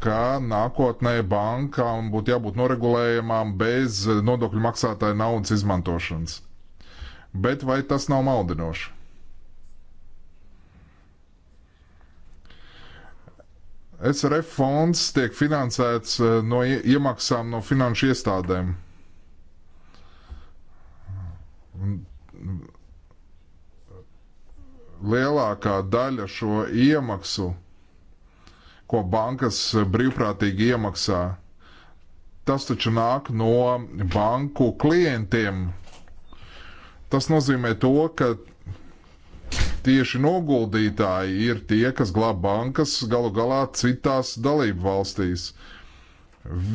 ka nākotnē bankām būtu jābūt noregulējumām bez nodokļu maksātāja naudas izmantošanas. Bet vai tas nav maldinoši? SRF fonds tiek finansēts eh, no iemaksām no finanšu iestādēm. Mm, lielākā daļa šo iemaksu, ko bankas brīvprātīgi iemaksā, tas taču nāk no banku klientiem Tas nozīmē to, ka tieši noguldītāji ir tie, kas glāb bankas galu galā citās dalību valstīs.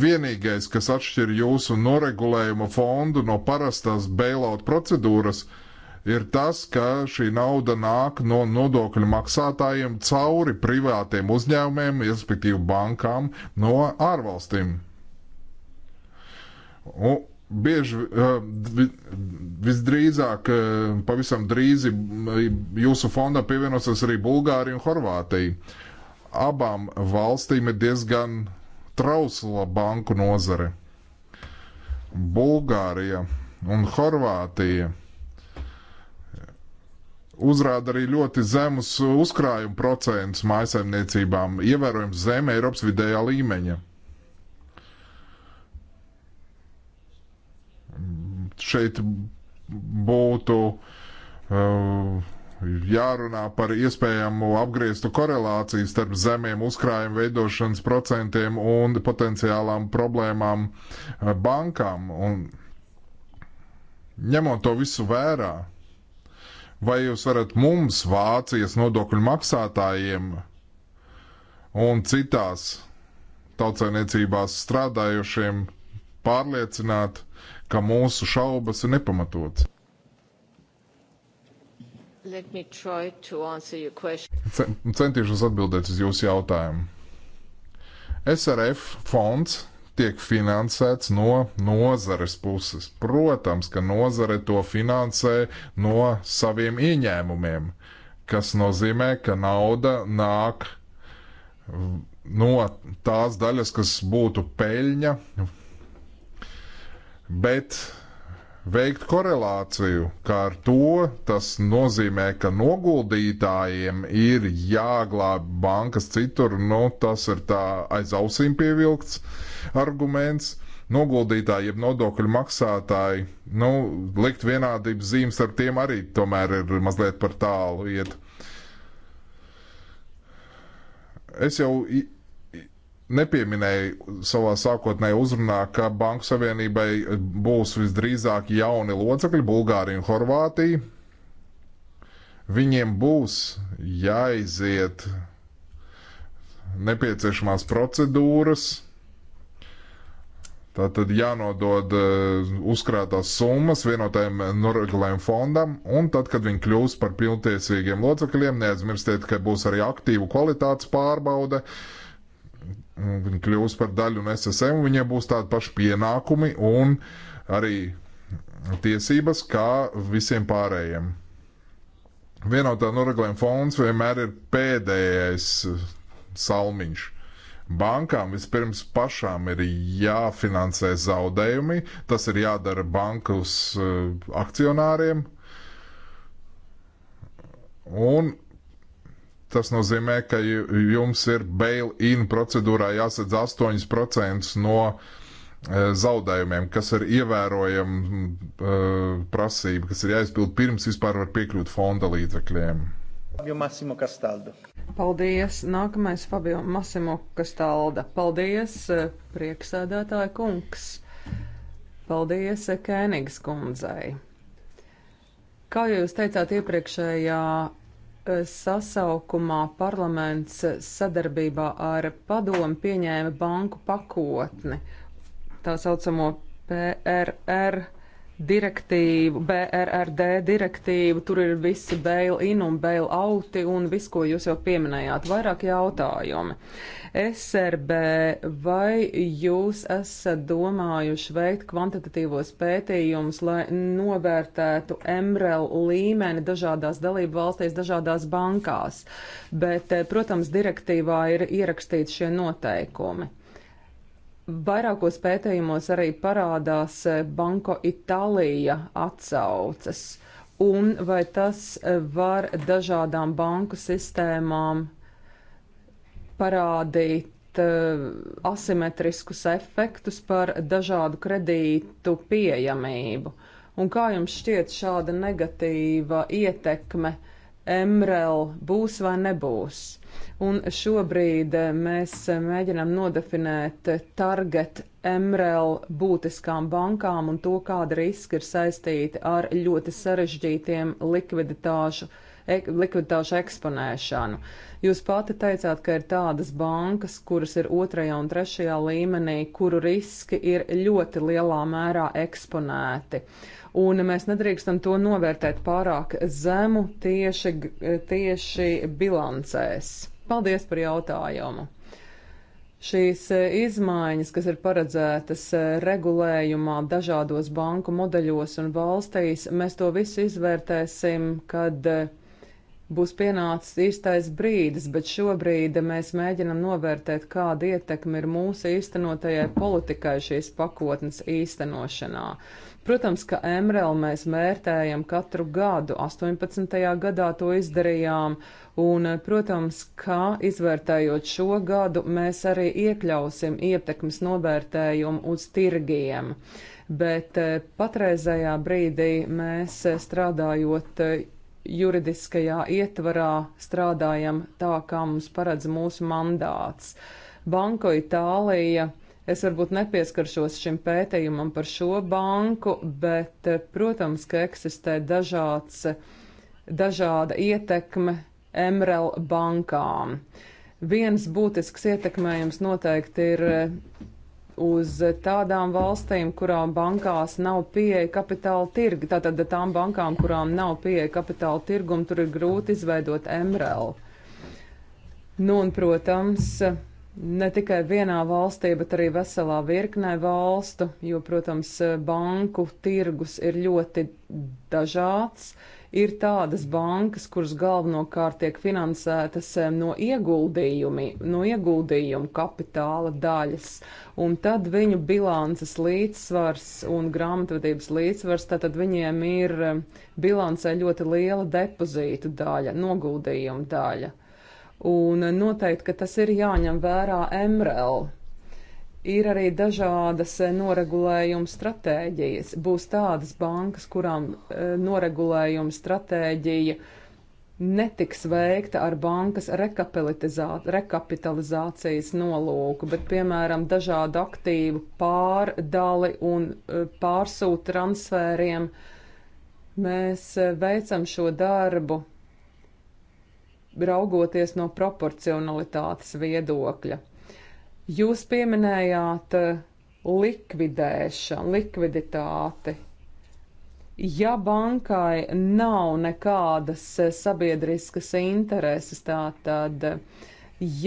Vienīgais, kas atšķir jūsu noregulējuma fondu no parastās bailout procedūras, ir tas, ka šī nauda nāk no nodokļu maksātājiem cauri privātiem uzņēmumiem, respektīvi bankām no ārvalstīm. Un, Bieži visdrīzāk, pavisam drīz jūsu fonda pievienosies arī Bulgārija un Horvātija. Abām valstīm ir diezgan trausla banku nozare. Bulgārija un Horvātija uzrāda arī ļoti zemus uzkrājumu procentus mājasemniecībām, ievērojams zem Eiropas vidējā līmeņa. šeit būtu uh, jārunā par iespējamu apgrieztu korelāciju starp zemiem uzkrājuma veidošanas procentiem un potenciālām problēmām uh, bankām. Un ņemot to visu vērā, vai jūs varat mums, Vācijas nodokļu maksātājiem un citās tautsēniecībās strādājušiem, pārliecināt, ka mūsu šaubas ir nepamatots. Centīšos atbildēt uz jūsu jautājumu. SRF fonds tiek finansēts no nozares puses. Protams, ka nozare to finansē no saviem ieņēmumiem, kas nozīmē, ka nauda nāk no tās daļas, kas būtu peļņa bet veikt korelāciju, kā ar to tas nozīmē, ka noguldītājiem ir jāglāb bankas citur, nu tas ir tā aiz ausīm pievilkts arguments. Noguldītāji, jeb nodokļu maksātāji, nu, likt vienādības zīmes ar tiem arī tomēr ir mazliet par tālu iet. Es jau nepieminēja savā sākotnējā uzrunā, ka Banku Savienībai būs visdrīzāk jauni locekļi, Bulgārija un Horvātija. Viņiem būs jāiziet nepieciešamās procedūras. Tātad jānodod eh, uzkrātās summas vienotajam noregulējumu fondam, un tad, kad viņi kļūs par pilntiesīgiem locekļiem, neaizmirstiet, ka būs arī aktīvu kvalitātes pārbaude. Uh, kļūs par daļu no SSM, viņiem būs tādi paši pienākumi un arī tiesības kā visiem pārējiem. Vienotā noregulējuma fonds vienmēr ir pēdējais salmiņš. Bankām vispirms pašām ir jāfinansē zaudējumi, tas ir jādara bankas eh, akcionāriem, un Tas nozīmē, ka jums ir bail-in procedūrā jāsadz 8% no e, zaudējumiem, kas ir ievērojama e, prasība, kas ir jāizpild pirms vispār var piekļūt fonda līdzekļiem. Fabio Massimo Castaldo. Paldies! Nākamais Fabio Massimo Castalda. Paldies, e, prieksēdētāja kungs! Paldies Kēnigas kundzei! Kā jūs teicāt iepriekšējā sasaukumā parlaments sadarbībā ar padomu pieņēma banku pakotni, tā saucamo PRR direktīvu, BRRD direktīvu, tur ir visi bail in un bail outi un viss, ko jūs jau pieminējāt. Vairāk jautājumi. SRB, vai jūs esat domājuši veikt kvantitatīvos pētījumus, lai novērtētu MRL līmeni dažādās dalību valstīs, dažādās bankās? Bet, eh, protams, direktīvā ir ierakstīti šie noteikumi. Vairākos pētījumos arī parādās eh, Banko Itālija atsauces, un vai tas eh, var dažādām banku sistēmām parādīt eh, asimetriskus efektus par dažādu kredītu pieejamību. Un kā jums šķiet šāda negatīva ietekme MRL būs vai nebūs? Un šobrīd eh, mēs mēģinām nodefinēt eh, target MREL būtiskām bankām un to, kāda riska ir saistīta ar ļoti sarežģītiem likviditāšu, ek, likviditāšu eksponēšanu. Jūs pati teicāt, ka ir tādas bankas, kuras ir otrajā un trešajā līmenī, kuru riski ir ļoti lielā mērā eksponēti. Un mēs nedrīkstam to novērtēt pārāk zemu tieši, tieši bilancēs. Paldies par jautājumu! Šīs eh, izmaiņas, kas ir paredzētas eh, regulējumā dažādos banku modeļos un valstīs, mēs to visu izvērtēsim, kad eh, būs pienācis īstais brīdis, bet šobrīd mēs mēģinam novērtēt, kāda ietekme ir mūsu īstenotajai politikai šīs pakotnes īstenošanā. Protams, ka MRL mēs mērtējam katru gadu. 18. gadā to izdarījām, un, protams, ka izvērtējot šo gadu, mēs arī iekļausim ietekmes novērtējumu uz tirgiem. Bet eh, patreizējā brīdī mēs eh, strādājot eh, juridiskajā ietvarā, strādājam tā, kā mums paredz mūsu mandāts. Banko Itālija Es varbūt nepieskaršos šim pētījumam par šo banku, bet, eh, protams, ka eksistē dažāds, dažāda ietekme MRL bankām. Viens būtisks ietekmējums noteikti ir eh, uz tādām valstīm, kurām bankās nav pieeja kapitāla tirgi. Tātad tām bankām, kurām nav pieeja kapitāla tirgum, tur ir grūti izveidot MRL. Nu, un, protams, ne tikai vienā valstī, bet arī veselā virknē valstu, jo, protams, banku tirgus ir ļoti dažāds. Ir tādas bankas, kuras galvenokārt tiek finansētas eh, no ieguldījumi, no ieguldījumu kapitāla daļas, un tad viņu bilances līdzsvars un grāmatvedības līdzsvars, tātad viņiem ir eh, bilancē ļoti liela depozītu daļa, noguldījuma daļa. Un noteikti, ka tas ir jāņem vērā MRL. Ir arī dažādas eh, noregulējuma stratēģijas. Būs tādas bankas, kurām eh, noregulējuma stratēģija netiks veikta ar bankas rekapitalizācijas nolūku, bet, piemēram, dažādu aktīvu pārdali un eh, pārsūtu transfēriem mēs veicam šo darbu raugoties no proporcionalitātes viedokļa. Jūs pieminējāt eh, likvidēšanu, likviditāti. Ja bankai nav nekādas eh, sabiedriskas intereses, tātad,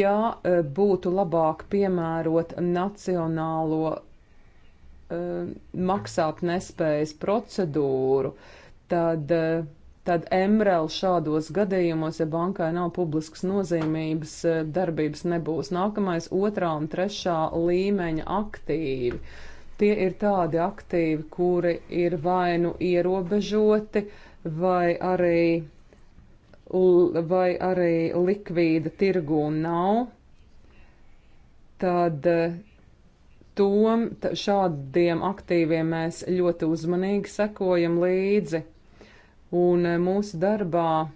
ja eh, būtu labāk piemērot nacionālo maksāt nespējas procedūru, tad uh, tad MREL šādos gadījumos, ja bankai nav publisks nozīmības, darbības nebūs. Nākamais otrā un trešā līmeņa aktīvi. Tie ir tādi aktīvi, kuri ir vai nu ierobežoti, vai arī, vai arī likvīda tirgū nav. Tad tom, šādiem aktīviem mēs ļoti uzmanīgi sekojam līdzi Un eh, mūsu darbā,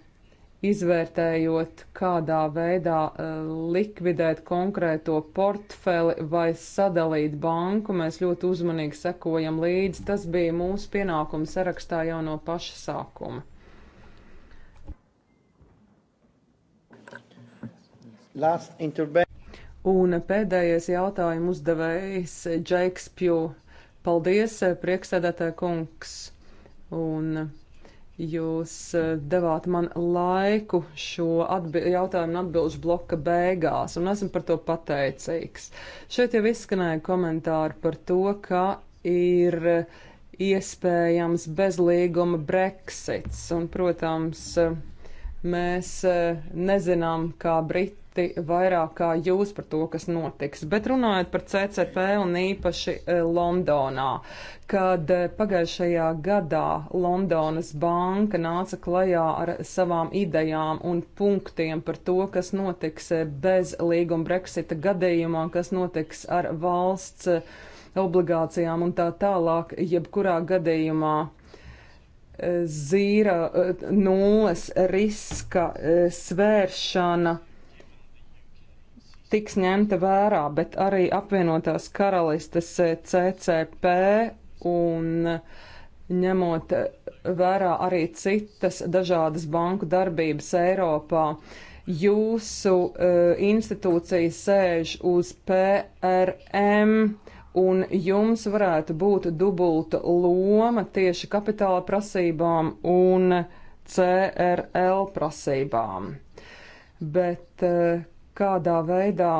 izvērtējot, kādā veidā eh, likvidēt konkrēto portfeli vai sadalīt banku, mēs ļoti uzmanīgi sekojam līdzi. Tas bija mūsu pienākums sarakstā jau no paša sākuma. Un eh, pēdējais jautājums uzdevējs Džeiks Pju. Paldies, prieksēdētāja kungs! Un Jūs eh, devāt man laiku šo atbi jautājumu atbilžu bloka beigās, un esmu par to pateicīgs. Šeit jau izskanēja komentāri par to, ka ir iespējams bezlīguma Brexits, un, protams, Mēs e, nezinām, kā Briti vairāk kā jūs par to, kas notiks. Bet runājot par CCP un īpaši e, Londonā, kad e, pagājušajā gadā Londonas banka nāca klajā ar savām idejām un punktiem par to, kas notiks bez līguma Brexita gadījumā, kas notiks ar valsts obligācijām un tā tālāk, jebkurā gadījumā zīra eh, nulles riska eh, svēršana tiks ņemta vērā, bet arī apvienotās karalistes eh, CCP un ņemot vērā arī citas dažādas banku darbības Eiropā. Jūsu uh, institūcija sēž uz PRM un jums varētu būt dubulta loma tieši kapitāla prasībām un CRL prasībām. Bet eh, kādā veidā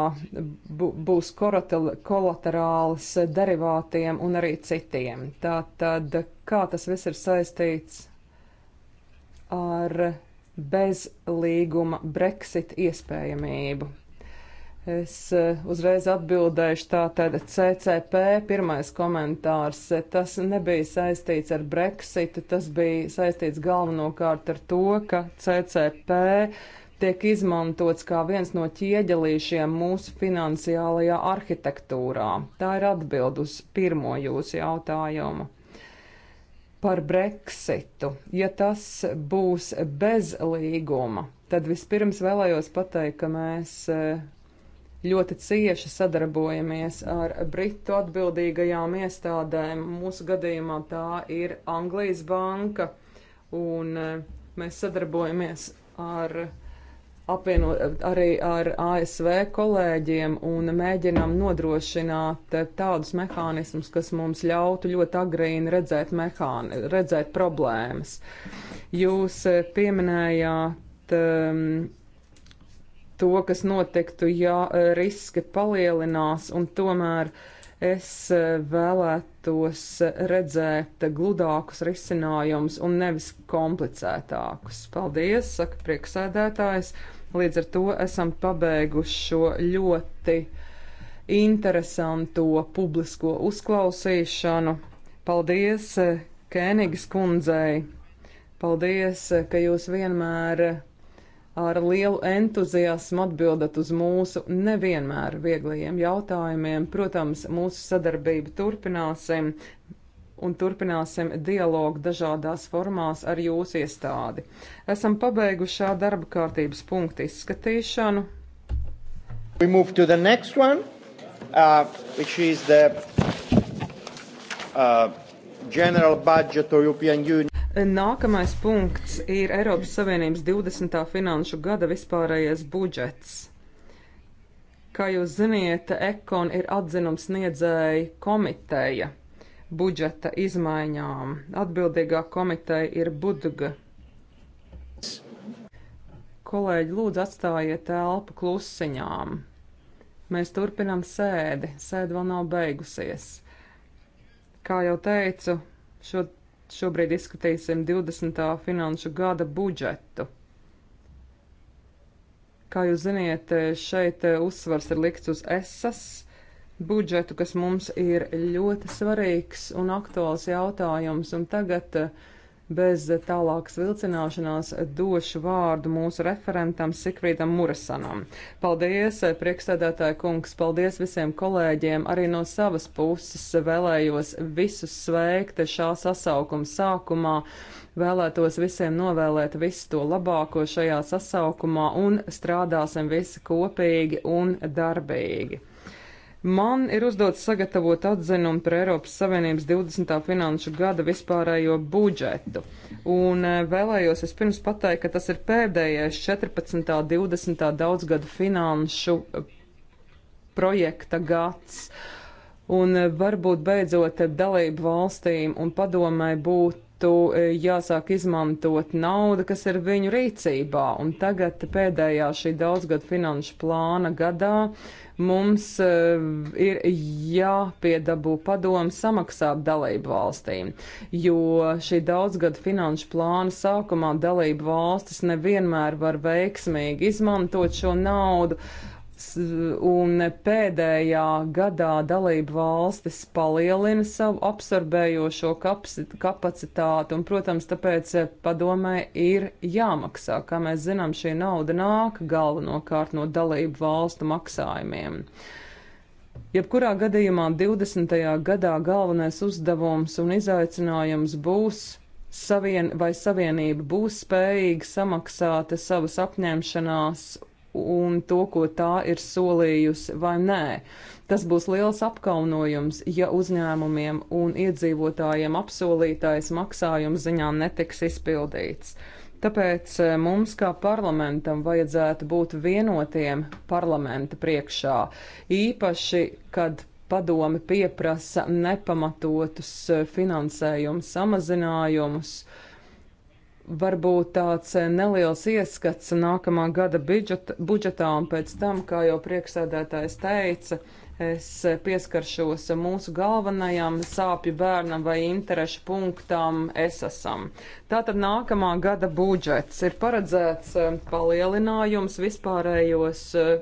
būs kolaterāls derivātiem un arī citiem? Tātad, kā tas viss ir saistīts ar bezlīguma Brexit iespējamību? Es e, uzreiz atbildēšu tātad CCP. Pirmais komentārs. Tas nebija saistīts ar Brexitu, tas bija saistīts galvenokārt ar to, ka CCP tiek izmantots kā viens no ķieģelīšiem mūsu finansiālajā arhitektūrā. Tā ir atbild uz pirmo jūsu jautājumu par Brexitu. Ja tas būs bez līguma, tad vispirms vēlējos pateikt, ka mēs e, ļoti cieši sadarbojamies ar Britu atbildīgajām iestādēm. Mūsu gadījumā tā ir Anglijas banka, un e, mēs sadarbojamies ar apvieno arī ar ASV kolēģiem un mēģinām nodrošināt tādus mehānismus, kas mums ļautu ļoti agrīni redzēt, mehāni, redzēt problēmas. Jūs e, pieminējāt um, to, kas notiktu, ja e, riski palielinās, un tomēr es e, vēlētos redzēt gludākus risinājumus un nevis komplicētākus. Paldies, saka prieksēdētājs. Līdz ar to esam pabeiguši šo ļoti interesanto publisko uzklausīšanu. Paldies e, Kēnigas kundzei! Paldies, ka jūs vienmēr ar lielu entuziasmu atbildat uz mūsu nevienmēr vieglajiem jautājumiem. Protams, mūsu sadarbību turpināsim un turpināsim dialogu dažādās formās ar jūsu iestādi. Esam pabeiguši šā darba kārtības punktu izskatīšanu. We move to the next one, uh, which is the uh, general budget of European Union. Nākamais punkts ir Eiropas Savienības 20. finanšu gada vispārējais budžets. Kā jūs ziniet, Ekon ir atzinums sniedzēja komiteja budžeta izmaiņām. Atbildīgā komiteja ir Budga. Kolēģi, lūdzu atstājiet telpu klusiņām. Mēs turpinam sēdi. Sēde vēl nav beigusies. Kā jau teicu, šo Šobrīd izskatīsim 20. finanšu gada budžetu. Kā jūs ziniet, šeit eh, uzsvars ir likts uz esas budžetu, kas mums ir ļoti svarīgs un aktuāls jautājums, un tagad uh, Bez tālākas vilcināšanās došu vārdu mūsu referentam Sikvīdam Murasanam. Paldies, priekšstādātāja kungs, paldies visiem kolēģiem. Arī no savas puses vēlējos visus sveikt šā sasaukuma sākumā. Vēlētos visiem novēlēt visu to labāko šajā sasaukumā un strādāsim visi kopīgi un darbīgi. Man ir uzdodas sagatavot atzinumu par Eiropas Savienības 20. finanšu gada vispārējo budžetu. Un eh, vēlējos es pirms pateikt, ka tas ir pēdējais 14. 20. daudzgadu finanšu eh, projekta gads. Un eh, varbūt beidzot dalību valstīm un padomai būtu būtu e, jāsāk izmantot nauda, kas ir viņu rīcībā. Un tagad pēdējā šī daudzgada finanšu plāna gadā mums e, ir jāpiedabū padomu samaksāt dalību valstīm, jo šī daudzgada finanšu plāna sākumā dalību valstis nevienmēr var veiksmīgi izmantot šo naudu. Uh, Un pēdējā gadā dalību valstis palielina savu absorbējošo kapacitāti, un, protams, tāpēc padomē ir jāmaksā. Kā mēs zinām, šī nauda nāk galvenokārt no dalību valstu maksājumiem. Jebkurā gadījumā 20. gadā galvenais uzdevums un izaicinājums būs savien, vai savienība būs spējīga samaksāt savas apņemšanās un to, ko tā ir solījusi vai nē. Tas būs liels apkaunojums, ja uzņēmumiem un iedzīvotājiem apsolītais maksājums ziņā netiks izpildīts. Tāpēc eh, mums, kā parlamentam, vajadzētu būt vienotiem parlamenta priekšā, īpaši, kad padomi pieprasa nepamatotus eh, finansējumu samazinājumus varbūt tāds eh, neliels ieskats nākamā gada budžeta, budžetā, un pēc tam, kā jau priekšsēdētājs teica, es pieskaršos mūsu galvenajam sāpju bērnam vai interešu punktam esasam. Tātad nākamā gada budžets ir paredzēts eh, palielinājums vispārējos eh,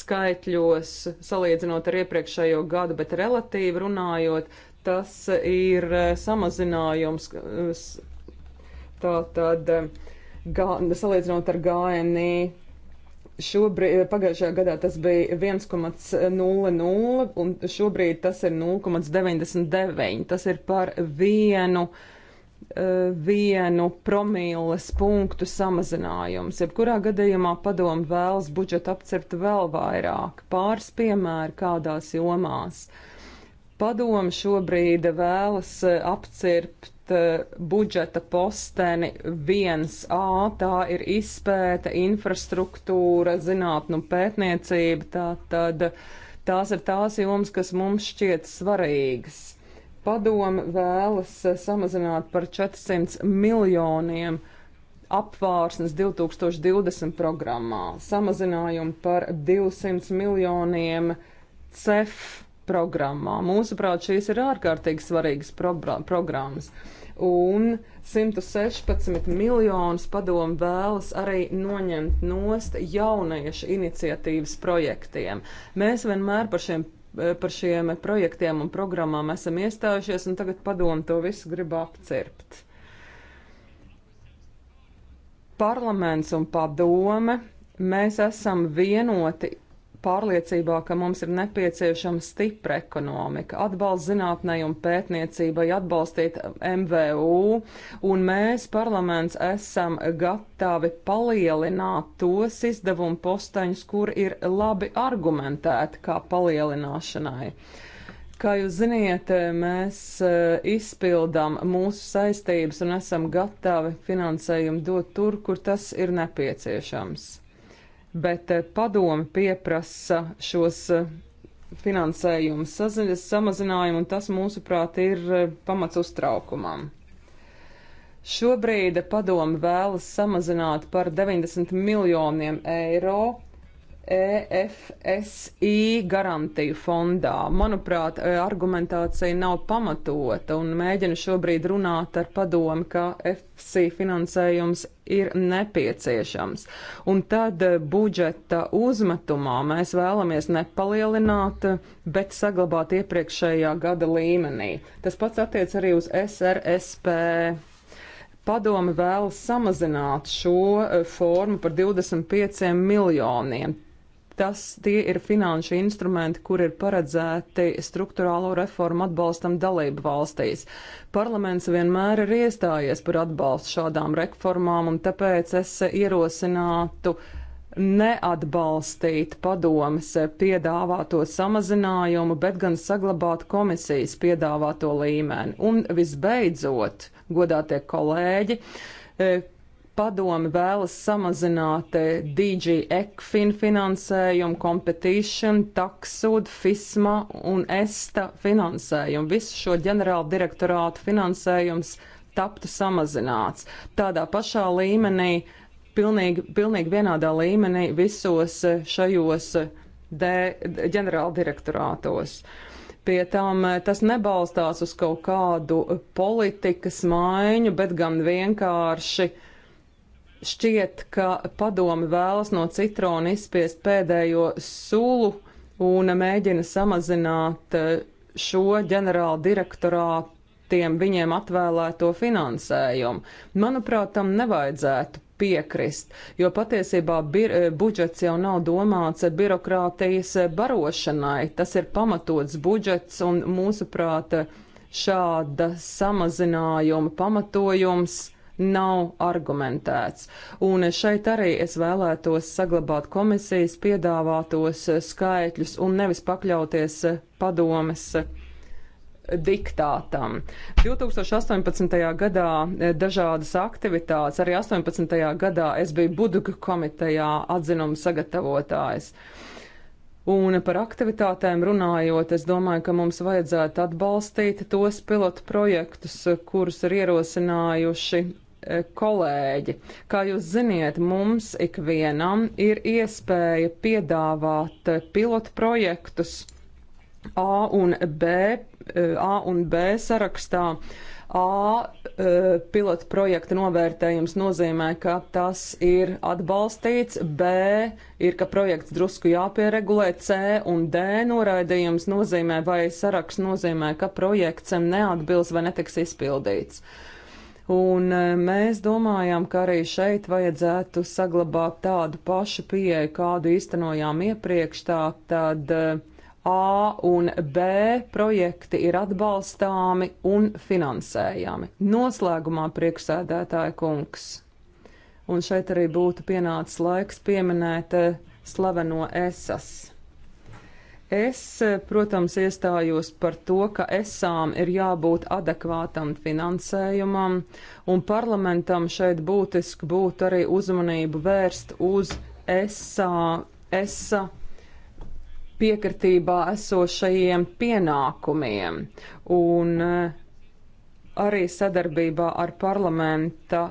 skaitļos, salīdzinot ar iepriekšējo gadu, bet relatīvi runājot, tas ir samazinājums Tā tad, gā, salīdzinot ar GNI, šobrīd, pagājušajā gadā tas bija 1,00 un šobrīd tas ir 0,99. Tas ir par vienu, eh, vienu promīles punktu samazinājums. Jebkurā gadījumā padomu vēlas budžetu apcept vēl vairāk. Pāris piemēri kādās jomās. Padomu šobrīd vēlas eh, apcirpt Eh, budžeta posteni 1A, tā ir izpēta, infrastruktūra, zinātnum pētniecība, tā tad tās ir tās jomas, kas mums šķiet svarīgas. Padoma vēlas eh, samazināt par 400 miljoniem apvārsnes 2020 programmā, samazinājumu par 200 miljoniem CEF programmā. Mūsuprāt, šīs ir ārkārtīgi svarīgas pro programmas un 116 miljonus padomu vēlas arī noņemt nost jauniešu iniciatīvas projektiem. Mēs vienmēr par šiem eh, par šiem projektiem un programmām esam iestājušies, un tagad padomu to visu grib apcirpt. Parlaments un padome, mēs esam vienoti pārliecībā, ka mums ir nepieciešama stipra ekonomika, atbalsts zinātnē un pētniecībai, atbalstīt MVU, un mēs, parlaments, esam gatavi palielināt tos izdevumu postaņus, kur ir labi argumentēti kā palielināšanai. Kā jūs ziniet, mēs eh, izpildām mūsu saistības un esam gatavi finansējumu dot tur, kur tas ir nepieciešams bet eh, padomi pieprasa šos eh, finansējumu samazinājumu, un tas, mūsuprāt, ir eh, pamats uztraukumam. Šobrīd padomi vēlas samazināt par 90 miljoniem eiro EFSI garantiju fondā. Manuprāt, e, argumentācija nav pamatota un mēģina šobrīd runāt ar padomu, ka FSI finansējums ir nepieciešams. Un tad e, budžeta uzmetumā mēs vēlamies nepalielināt, bet saglabāt iepriekšējā gada līmenī. Tas pats attiec arī uz SRSP padome vēlas samazināt šo e, formu par 25 miljoniem. Tas tie ir finanšu instrumenti, kur ir paredzēti struktūrālo reformu atbalstam dalību valstīs. Parlaments vienmēr ir iestājies par atbalstu šādām reformām, un tāpēc es ierosinātu neatbalstīt padomas piedāvāto samazinājumu, bet gan saglabāt komisijas piedāvāto līmeni. Un visbeidzot, godātie kolēģi, padomi vēlas samazināt eh, DJ ECFIN finansējumu, Competition, Taksud, FISMA un ESTA finansējumu. Visu šo ģenerālu direktorātu finansējums taptu samazināts. Tādā pašā līmenī, pilnīgi, pilnīgi vienādā līmenī visos eh, šajos eh, ģenerāla direktorātos. Pie tam tas nebalstās uz kaut kādu politikas maiņu, bet gan vienkārši uh, Šķiet, ka padomi vēlas no citrona izspiest pēdējo sulu un mēģina samazināt eh, šo ģenerāla direktorātiem viņiem atvēlēto finansējumu. Manuprāt, tam nevajadzētu piekrist, jo patiesībā bir, eh, budžets jau nav domāts birokrātijas eh, barošanai. Tas ir pamatots budžets un mūsuprāt šāda samazinājuma pamatojums nav argumentēts. Un šeit arī es vēlētos saglabāt komisijas piedāvātos skaitļus un nevis pakļauties padomes diktātam. 2018. gadā dažādas aktivitātes, arī 18. gadā es biju Buduga komitejā atzinuma sagatavotājs. Un par aktivitātēm runājot, es domāju, ka mums vajadzētu atbalstīt tos pilotu projektus, kurus ir ierosinājuši E, kolēģi, kā jūs ziniet, mums ikvienam ir iespēja piedāvāt pilotu projektus A un B, e, A un B sarakstā. A e, pilota projekta novērtējums nozīmē, ka tas ir atbalstīts, B ir, ka projekts drusku jāpieregulē, C un D noraidījums nozīmē vai saraksts nozīmē, ka projekts neatbilst vai netiks izpildīts. Uh, Un e, mēs domājam, ka arī šeit vajadzētu saglabāt tādu pašu pieeju, kādu īstenojām iepriekš. Tā tad e, A un B projekti ir atbalstāmi un finansējami. Noslēgumā priekšsēdētāja kungs. Un šeit arī būtu pienācis laiks pieminēt e, slaveno esas. Es, protams, iestājos par to, ka esām ir jābūt adekvātam finansējumam, un parlamentam šeit būtiski būtu arī uzmanību vērst uz esā, esā piekritībā esošajiem pienākumiem, un eh, arī sadarbībā ar parlamenta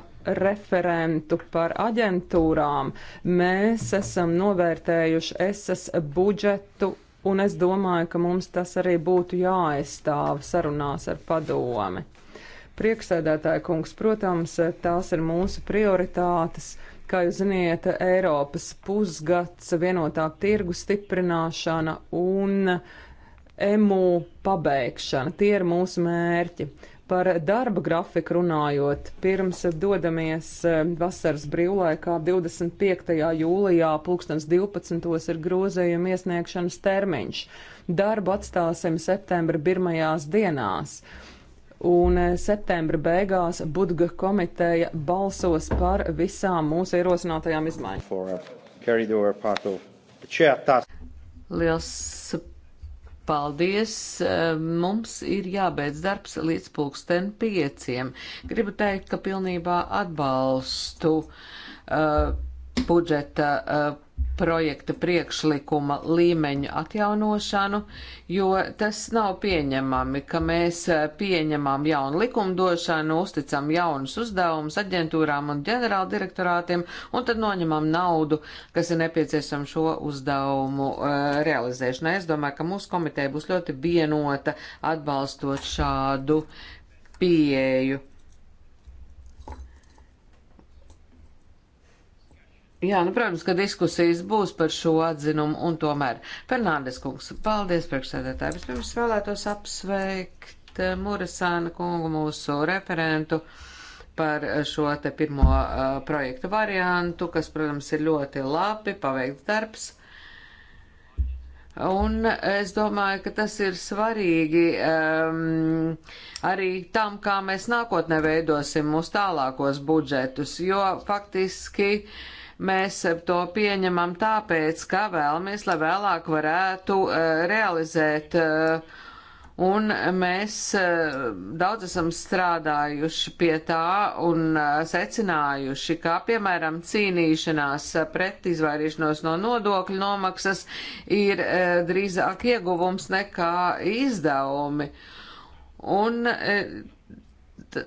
referentu par aģentūrām mēs esam novērtējuši esas budžetu un es domāju, ka mums tas arī būtu jāaizstāv sarunās ar padomi. Prieksēdētāja kungs, protams, tās ir mūsu prioritātes. Kā jūs ziniet, Eiropas pusgads, vienotā tirgu stiprināšana un emu pabeigšana. Tie ir mūsu mērķi. Par darba grafiku runājot, pirms dodamies eh, vasaras brīvlaikā 25. jūlijā 2012. ir grozējuma iesniegšanas termiņš. Darbu atstāsim septembra pirmajās dienās. Un eh, septembra beigās Budga komiteja balsos par visām mūsu ierosinātajām izmaiņām. Liels Paldies! Mums ir jābeidz darbs līdz pulksten pieciem. Gribu teikt, ka pilnībā atbalstu uh, budžeta uh, projekta priekšlikuma līmeņu atjaunošanu, jo tas nav pieņemami, ka mēs pieņemam jaunu likumdošanu, uzticam jaunus uzdevumus aģentūrām un ģenerāldirektorātiem un tad noņemam naudu, kas ir nepieciešama šo uzdevumu uh, realizēšanai. Es domāju, ka mūsu komiteja būs ļoti vienota atbalstot šādu pieeju. Jā, nu, protams, ka diskusijas būs par šo atzinumu, un tomēr Fernandes kungs, paldies priekšsēdētāji. Vispirms vēlētos apsveikt eh, Murasāna kungu, mūsu referentu, par šo te pirmo uh, projektu variantu, kas, protams, ir ļoti labi paveikts darbs. Un es domāju, ka tas ir svarīgi um, arī tam, kā mēs nākotnē veidosim mūsu tālākos budžetus, jo faktiski uh, Mēs to pieņemam tāpēc, ka vēlamies, lai vēlāk varētu eh, realizēt. Eh, un mēs eh, daudz esam strādājuši pie tā un secinājuši, kā piemēram cīnīšanās pret izvairīšanos no nodokļu nomaksas ir drīzāk ieguvums nekā izdevumi. Un t,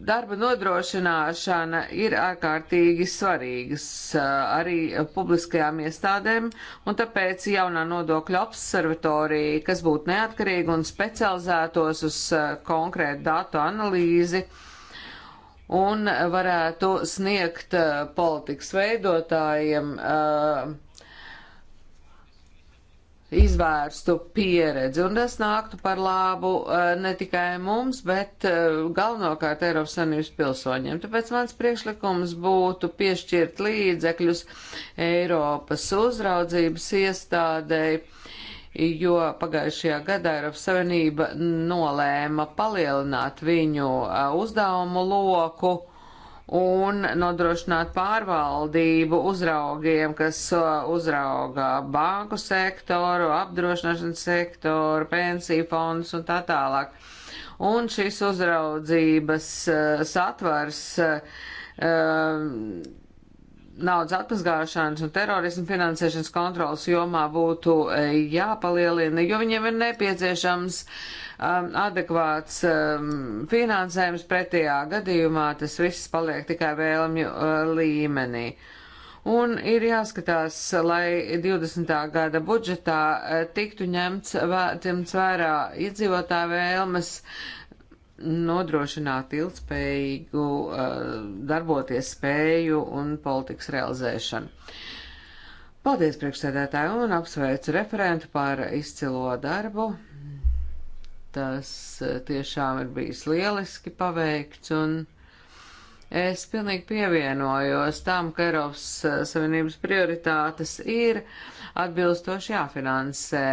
darba nodrošināšana ir ārkārtīgi svarīgas arī publiskajām iestādēm, un tāpēc jaunā nodokļa observatorija, kas būtu neatkarīga un specializētos uz konkrētu datu analīzi, un varētu sniegt politikas veidotājiem uh, izvērstu pieredzi, un tas nāktu par labu eh, ne tikai mums, bet eh, galvenokārt Eiropas Savienības pilsoņiem. Tāpēc mans priekšlikums būtu piešķirt līdzekļus Eiropas uzraudzības iestādēji, jo pagājušajā gadā Eiropas Savienība nolēma palielināt viņu eh, uzdevumu loku un nodrošināt pārvaldību uzraugiem, kas uh, uzrauga banku sektoru, apdrošināšanas sektoru, pensiju fondus un tā tālāk. Un šis uzraudzības uh, satvars uh, naudas atmazgāšanas un terorismu finansēšanas kontrolas jomā būtu jāpalielina, jo viņiem ir nepieciešams uh, Um, adekvāts um, finansējums pretējā gadījumā, tas viss paliek tikai vēlmju uh, līmenī. Un ir jāskatās, lai 20. gada budžetā uh, tiktu ņemts, ņemts vērā iedzīvotāju vēlmes nodrošināt ilgspējīgu uh, darboties spēju un politikas realizēšanu. Paldies priekšsēdētāju un apsveicu referentu par izcilo darbu tas e, tiešām ir bijis lieliski paveikts un es pilnīgi pievienojos tam, ka Eiropas e, Savienības prioritātes ir atbilstoši jāfinansē.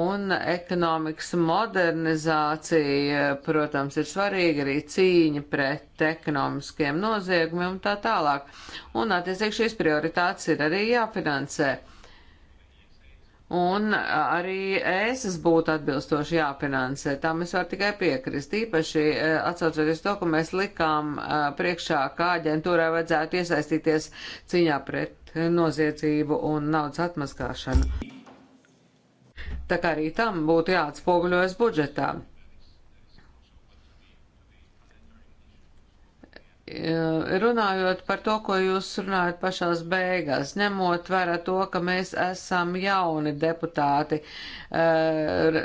Un ekonomikas modernizācija, protams, ir svarīga arī cīņa pret ekonomiskiem noziegumiem un tā tālāk. Un, attiecīgi, šīs prioritātes ir arī jāfinansē. Un arī ēsas būtu atbilstoši jāfinansē. Tam es varu tikai piekrist. Īpaši eh, atsaucoties to, ka mēs likām eh, priekšā, kā aģentūrai vajadzētu iesaistīties cīņā pret noziedzību un naudas atmaskāšanu. Tā kā arī tam būtu jāatspoguļojas budžetā. Eh, runājot par to, ko jūs runājat pašās beigās, ņemot vērā to, ka mēs esam jauni deputāti, eh,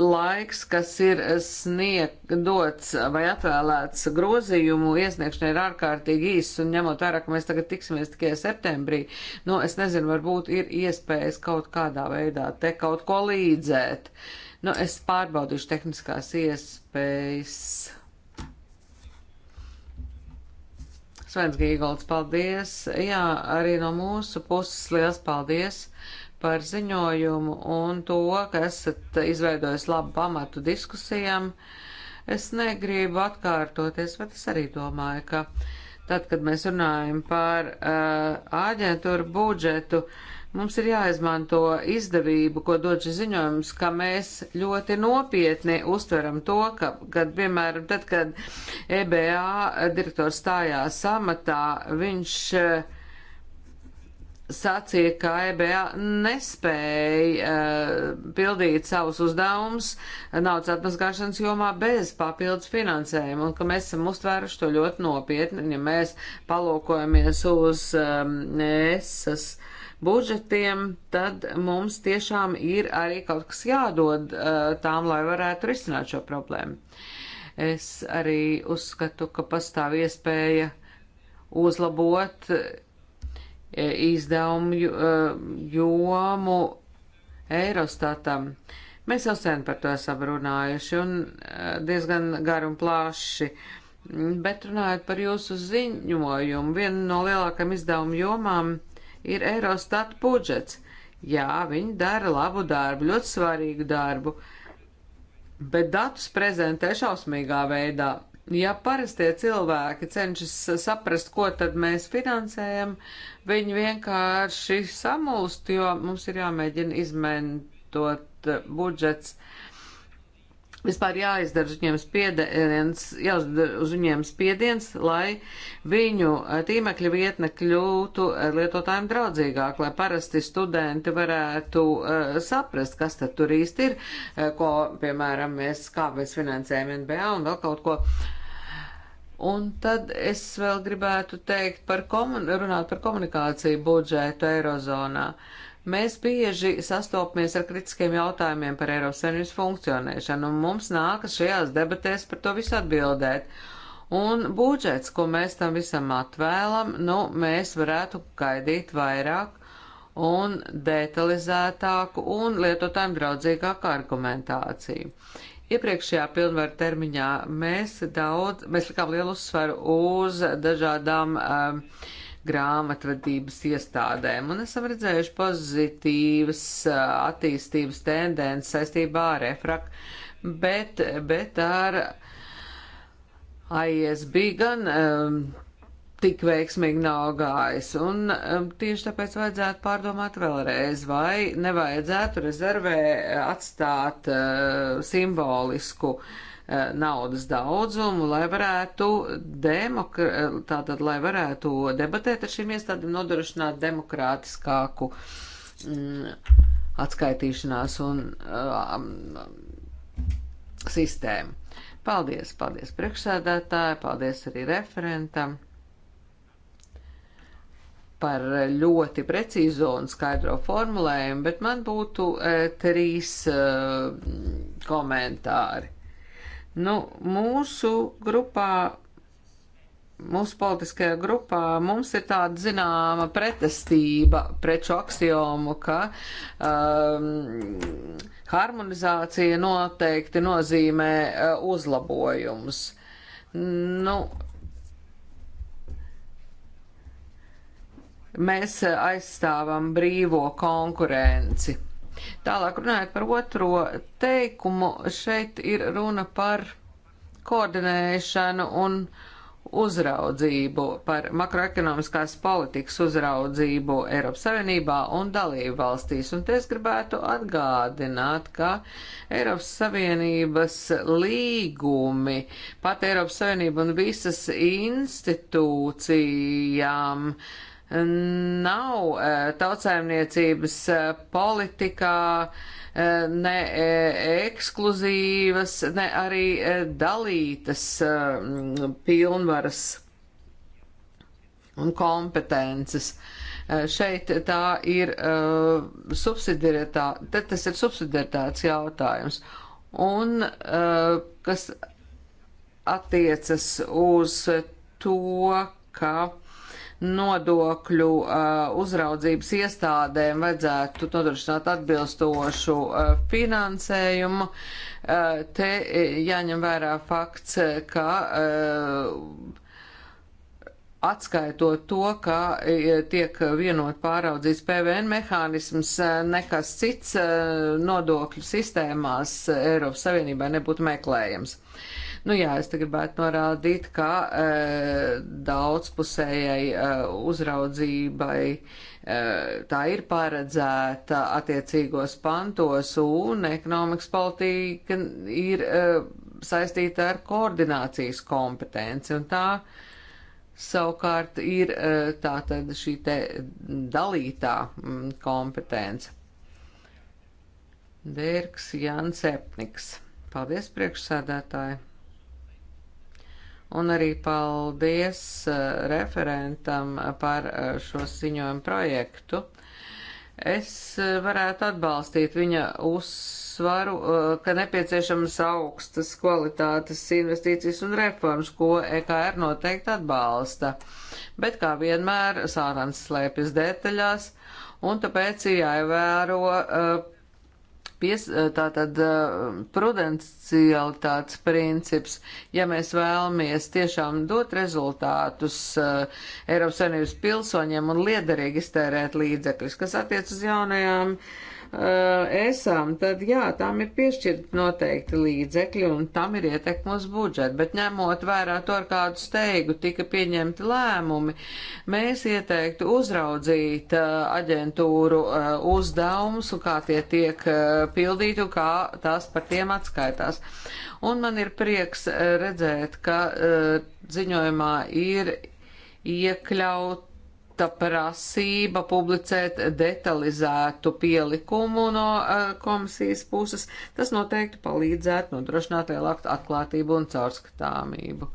laiks, kas ir sniegts vai atvēlēts grozījumu iesniegšanai, ir ārkārtīgi īss, un ņemot vērā, ka mēs tagad tiksimies tikai septembrī, nu, es nezinu, varbūt ir iespējas kaut kādā veidā te kaut ko līdzēt. Nu, es pārbaudīšu tehniskās iespējas. Svens Gīgolds, paldies. Jā, arī no mūsu puses liels paldies par ziņojumu un to, ka esat izveidojis labu pamatu diskusijām. Es negribu atkārtoties, bet es arī domāju, ka tad, kad mēs runājam par uh, āģentūru budžetu, uh, Mums ir jāizmanto izdevību, ko dod šis ziņojums, ka mēs ļoti nopietni uztveram to, ka, kad, piemēram, tad, kad EBA direktors stājās amatā, viņš eh, sacīja, ka EBA nespēja uh, pildīt savus uzdevumus naudas atmazgāšanas jomā bez papildus finansējuma, un ka mēs esam uztvēruši to ļoti nopietni, ja mēs palūkojamies uz um, ESAS. Uh, budžetiem, tad mums tiešām ir arī kaut kas jādod uh, tām, lai varētu risināt šo problēmu. Es arī uzskatu, ka pastāv iespēja uzlabot uh, izdevumu uh, jomu Eirostatam. Mēs jau sen par to esam runājuši un diezgan garu un plāši, bet runājot par jūsu ziņojumu, viena no lielākajām izdevumu jomām ir Eurostat budžets. Jā, viņi dara labu darbu, ļoti svarīgu darbu, bet datus prezentē šausmīgā veidā. Ja parastie cilvēki cenšas saprast, ko tad mēs finansējam, viņi vienkārši samulst, jo mums ir jāmēģina izmantot budžets uh, vispār jāizdara uz viņiem spiediens, jāuzdara uz viņiem spiediens, lai viņu eh, tīmekļa vietne kļūtu eh, lietotājiem draudzīgāk, lai parasti studenti varētu uh, saprast, kas tad tur īsti ir, uh, ko, piemēram, mēs, kā mēs finansējam NBA un vēl kaut ko. Un tad es vēl gribētu teikt par komun runāt par komunikāciju budžetu Eirozonā. Uh, Mēs bieži sastopamies ar kritiskiem jautājumiem par Eiropas Savienības funkcionēšanu, un mums nākas šajās debatēs par to visu atbildēt. Un budžets, ko mēs tam visam atvēlam, nu, mēs varētu gaidīt vairāk un detalizētāku un lietotājiem draudzīgāku argumentāciju. Iepriekšējā pilnvaru termiņā mēs daudz, mēs likām lielu uzsvaru uz dažādām uh, um, grāmatvedības iestādēm, un esam redzējuši pozitīvas attīstības tendences saistībā ar EFRAK, bet, bet ar AISB gan um, tik veiksmīgi nav gājis, un um, tieši tāpēc vajadzētu pārdomāt vēlreiz, vai nevajadzētu rezervē atstāt uh, simbolisku uh, E, naudas daudzumu, lai varētu, demokra... E, tātad, lai varētu debatēt ar šīm iestādēm, nodrošināt demokrātiskāku mm, atskaitīšanās un mm, sistēmu. Paldies, paldies priekšsēdētāji, paldies arī referentam par ļoti precīzo un skaidro formulējumu, bet man būtu e, trīs e, komentāri. Nu, mūsu grupā mūsu politiskajā grupā mums ir tāda zināma pretestība pret šo aksiomu, ka um, harmonizācija noteikti nozīmē uh, uzlabojumus. Nu, mēs uh, aizstāvam brīvo konkurenci. Tālāk runājot par otro teikumu, šeit ir runa par koordinēšanu un uzraudzību, par makroekonomiskās politikas uzraudzību Eiropas Savienībā un dalību valstīs. Un te es gribētu atgādināt, ka Eiropas Savienības līgumi, pat Eiropas Savienība un visas institūcijām, uh, nav e, tautsājumniecības e, politikā e, ne ekskluzīvas, ne arī dalītas pilnvaras un kompetences. Šeit tā ir uh, subsidiaritāte, tas ir subsidiaritātes jautājums. Un uh, kas attiecas uz to, ka nodokļu uh, uzraudzības iestādēm vajadzētu nodrošināt atbilstošu uh, finansējumu. Uh, te eh, jāņem vērā fakts, ka atskaitot to, ka eh, tiek vienot pāraudzīts PVN mehānisms, eh, nekas cits nodokļu sistēmās Eiropas Savienībā nebūtu meklējams. Uh, Nu jā, es te gribētu norādīt, ka e, daudzpusējai e, uzraudzībai e, tā ir paredzēta attiecīgos pantos un ekonomikas politika ir e, saistīta ar koordinācijas kompetenci un tā. Savukārt ir tā tad šī te dalītā mm, kompetence. Dērks Jānis Epniks. Paldies priekšsēdētāji! Un arī paldies eh, referentam par eh, šo ziņojumu projektu. Es eh, varētu atbalstīt viņa uzsvaru, ka nepieciešamas augstas kvalitātes investīcijas un reformas, ko EKR noteikti atbalsta. Bet kā vienmēr, sārans slēpjas detaļās un tāpēc ir jāievēro uh, pies, e, tātad e, prudencialitātes princips, ja mēs vēlamies tiešām dot rezultātus e, Eiropas Savienības pilsoņiem un liederīgi iztērēt līdzekļus, kas attiec uz jaunajām uh, Eh, esam, tad jā, tam ir piešķirt noteikti līdzekļi un tam ir ietekme uz budžetu, bet ņemot vērā to, ar kādu steigu tika pieņemti lēmumi, mēs ieteiktu uzraudzīt eh, aģentūru eh, uzdevumus un kā tie tiek pildīti un kā tās par tiem atskaitās. Un man ir prieks redzēt, ka ziņojumā ir iekļaut ta prasība publicēt detalizētu pielikumu no eh, komisijas puses, tas noteikti palīdzētu nodrošināt lielāku atklātību un caurskatāmību.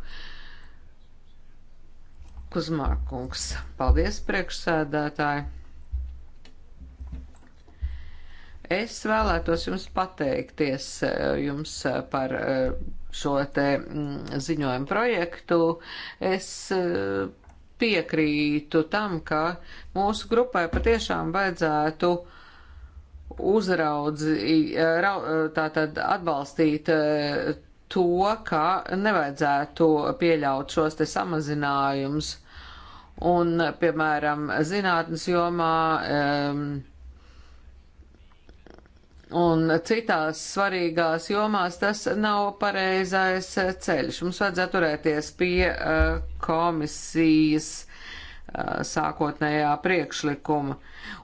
Kuzmārkungs, paldies priekšsēdētāji! Es vēlētos jums pateikties eh, jums eh, par šo te mm, ziņojumu projektu. Es piekrītu tam, ka mūsu grupai patiešām vajadzētu uzraudzīt, eh, eh, tātad atbalstīt eh, to, ka nevajadzētu pieļaut šos te samazinājumus. Un, piemēram, zinātnes jomā, um, un citās svarīgās jomās tas nav pareizais ceļš. Mums vajadzētu turēties pie uh, komisijas uh, sākotnējā priekšlikuma.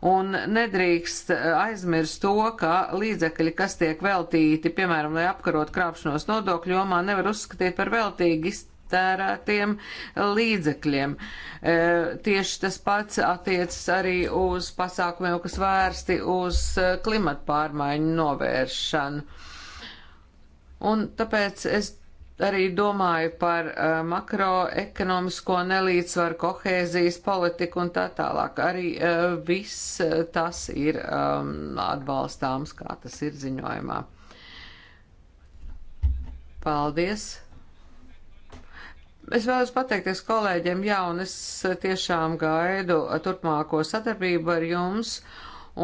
Un nedrīkst eh, aizmirst to, ka līdzekļi, kas tiek veltīti, piemēram, lai apkarot krāpšanos nodokļu jomā, nevar uzskatīt par veltīgi iztērētiem līdzekļiem. E, tieši tas pats attiecas arī uz pasākumiem, kas vērsti uz e, klimatu pārmaiņu novēršanu. Un tāpēc es arī domāju par uh, makroekonomisko nelīdzsvaru, kohēzijas politiku un tā tālāk. Arī uh, viss tas ir um, atbalstāms, kā tas ir ziņojumā. Paldies! Es vēlos pateikties kolēģiem, jā, un es tiešām gaidu turpmāko sadarbību ar jums.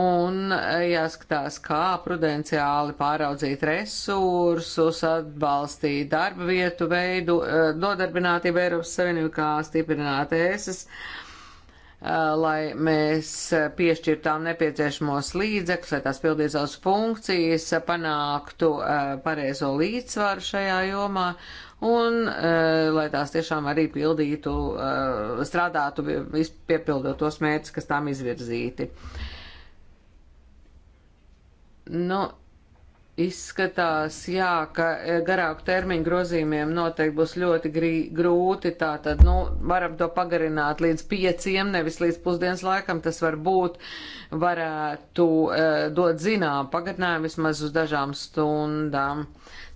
Un eh, jāskatās, kā prudenciāli pāraudzīt resursus, atbalstīt darba vietu veidu, eh, nodarbinātību Eiropas Savienību, kā stiprināt ēsas, eh, lai mēs piešķirtām nepieciešamos līdzekļus, lai tās pildītu savas funkcijas, panāktu pareizo līdzsvaru šajā jomā un uh, lai tās tiešām arī pildītu, uh, strādātu, piepildot tos mērķus, kas tām izvirzīti. Nu, izskatās, jā, ka e, garāku termiņu grozījumiem noteikti būs ļoti grī, grūti, tā tad, nu, varam to pagarināt līdz pieciem, nevis līdz pusdienas laikam, tas varbūt varētu e, dot zinām pagarinājumu vismaz uz dažām stundām.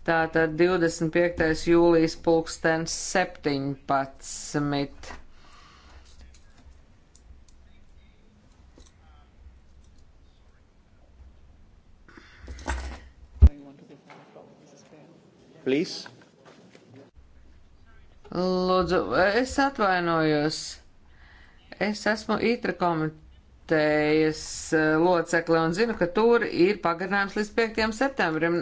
Tātad 25. jūlijas pulkstens 17. Please. Lūdzu, es atvainojos. Es esmu ītra komitejas eh, locekle un zinu, ka tur ir pagarinājums līdz 5. septembrim.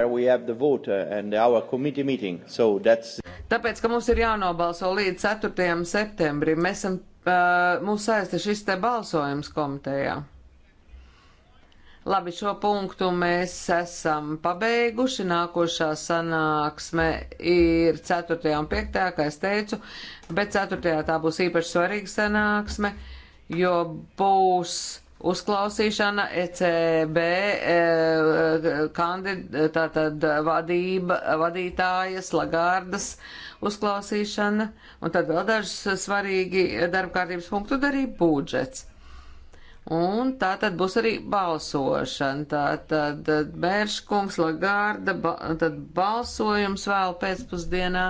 Uh, so Tāpēc, ka mums ir jānobalso līdz 4. septembrim, mēs esam, uh, mūs saista šis te balsojums komitejā. Labi, šo punktu mēs esam pabeiguši. Nākošā sanāksme ir 4. un 5. kā es teicu, bet 4. tā būs īpaši svarīga sanāksme, jo būs uzklausīšana ECB e, e, tātad vadība, vadītājas Lagardas uzklausīšana un tad vēl dažas svarīgi darbkārtības punktu arī budžets. Un tā tad būs arī balsošana. Tā tad Bērškungs, Lagarda, ba, tad balsojums vēl pēcpusdienā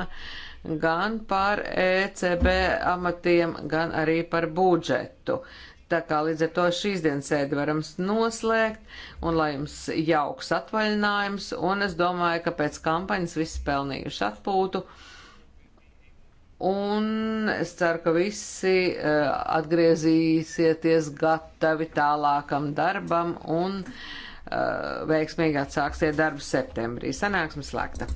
gan par ECB amatiem, gan arī par budžetu. Uh, Tā kā līdz ar to šīs dienas sēdi varam noslēgt, un lai jums jauks atvaļinājums, un es domāju, ka pēc kampaņas visi pelnījuši atpūtu, un es ceru, ka visi uh, atgriezīsieties gatavi tālākam darbam, un uh, veiksmīgi atsāksiet darbu septembrī. Sanāksme slēgta!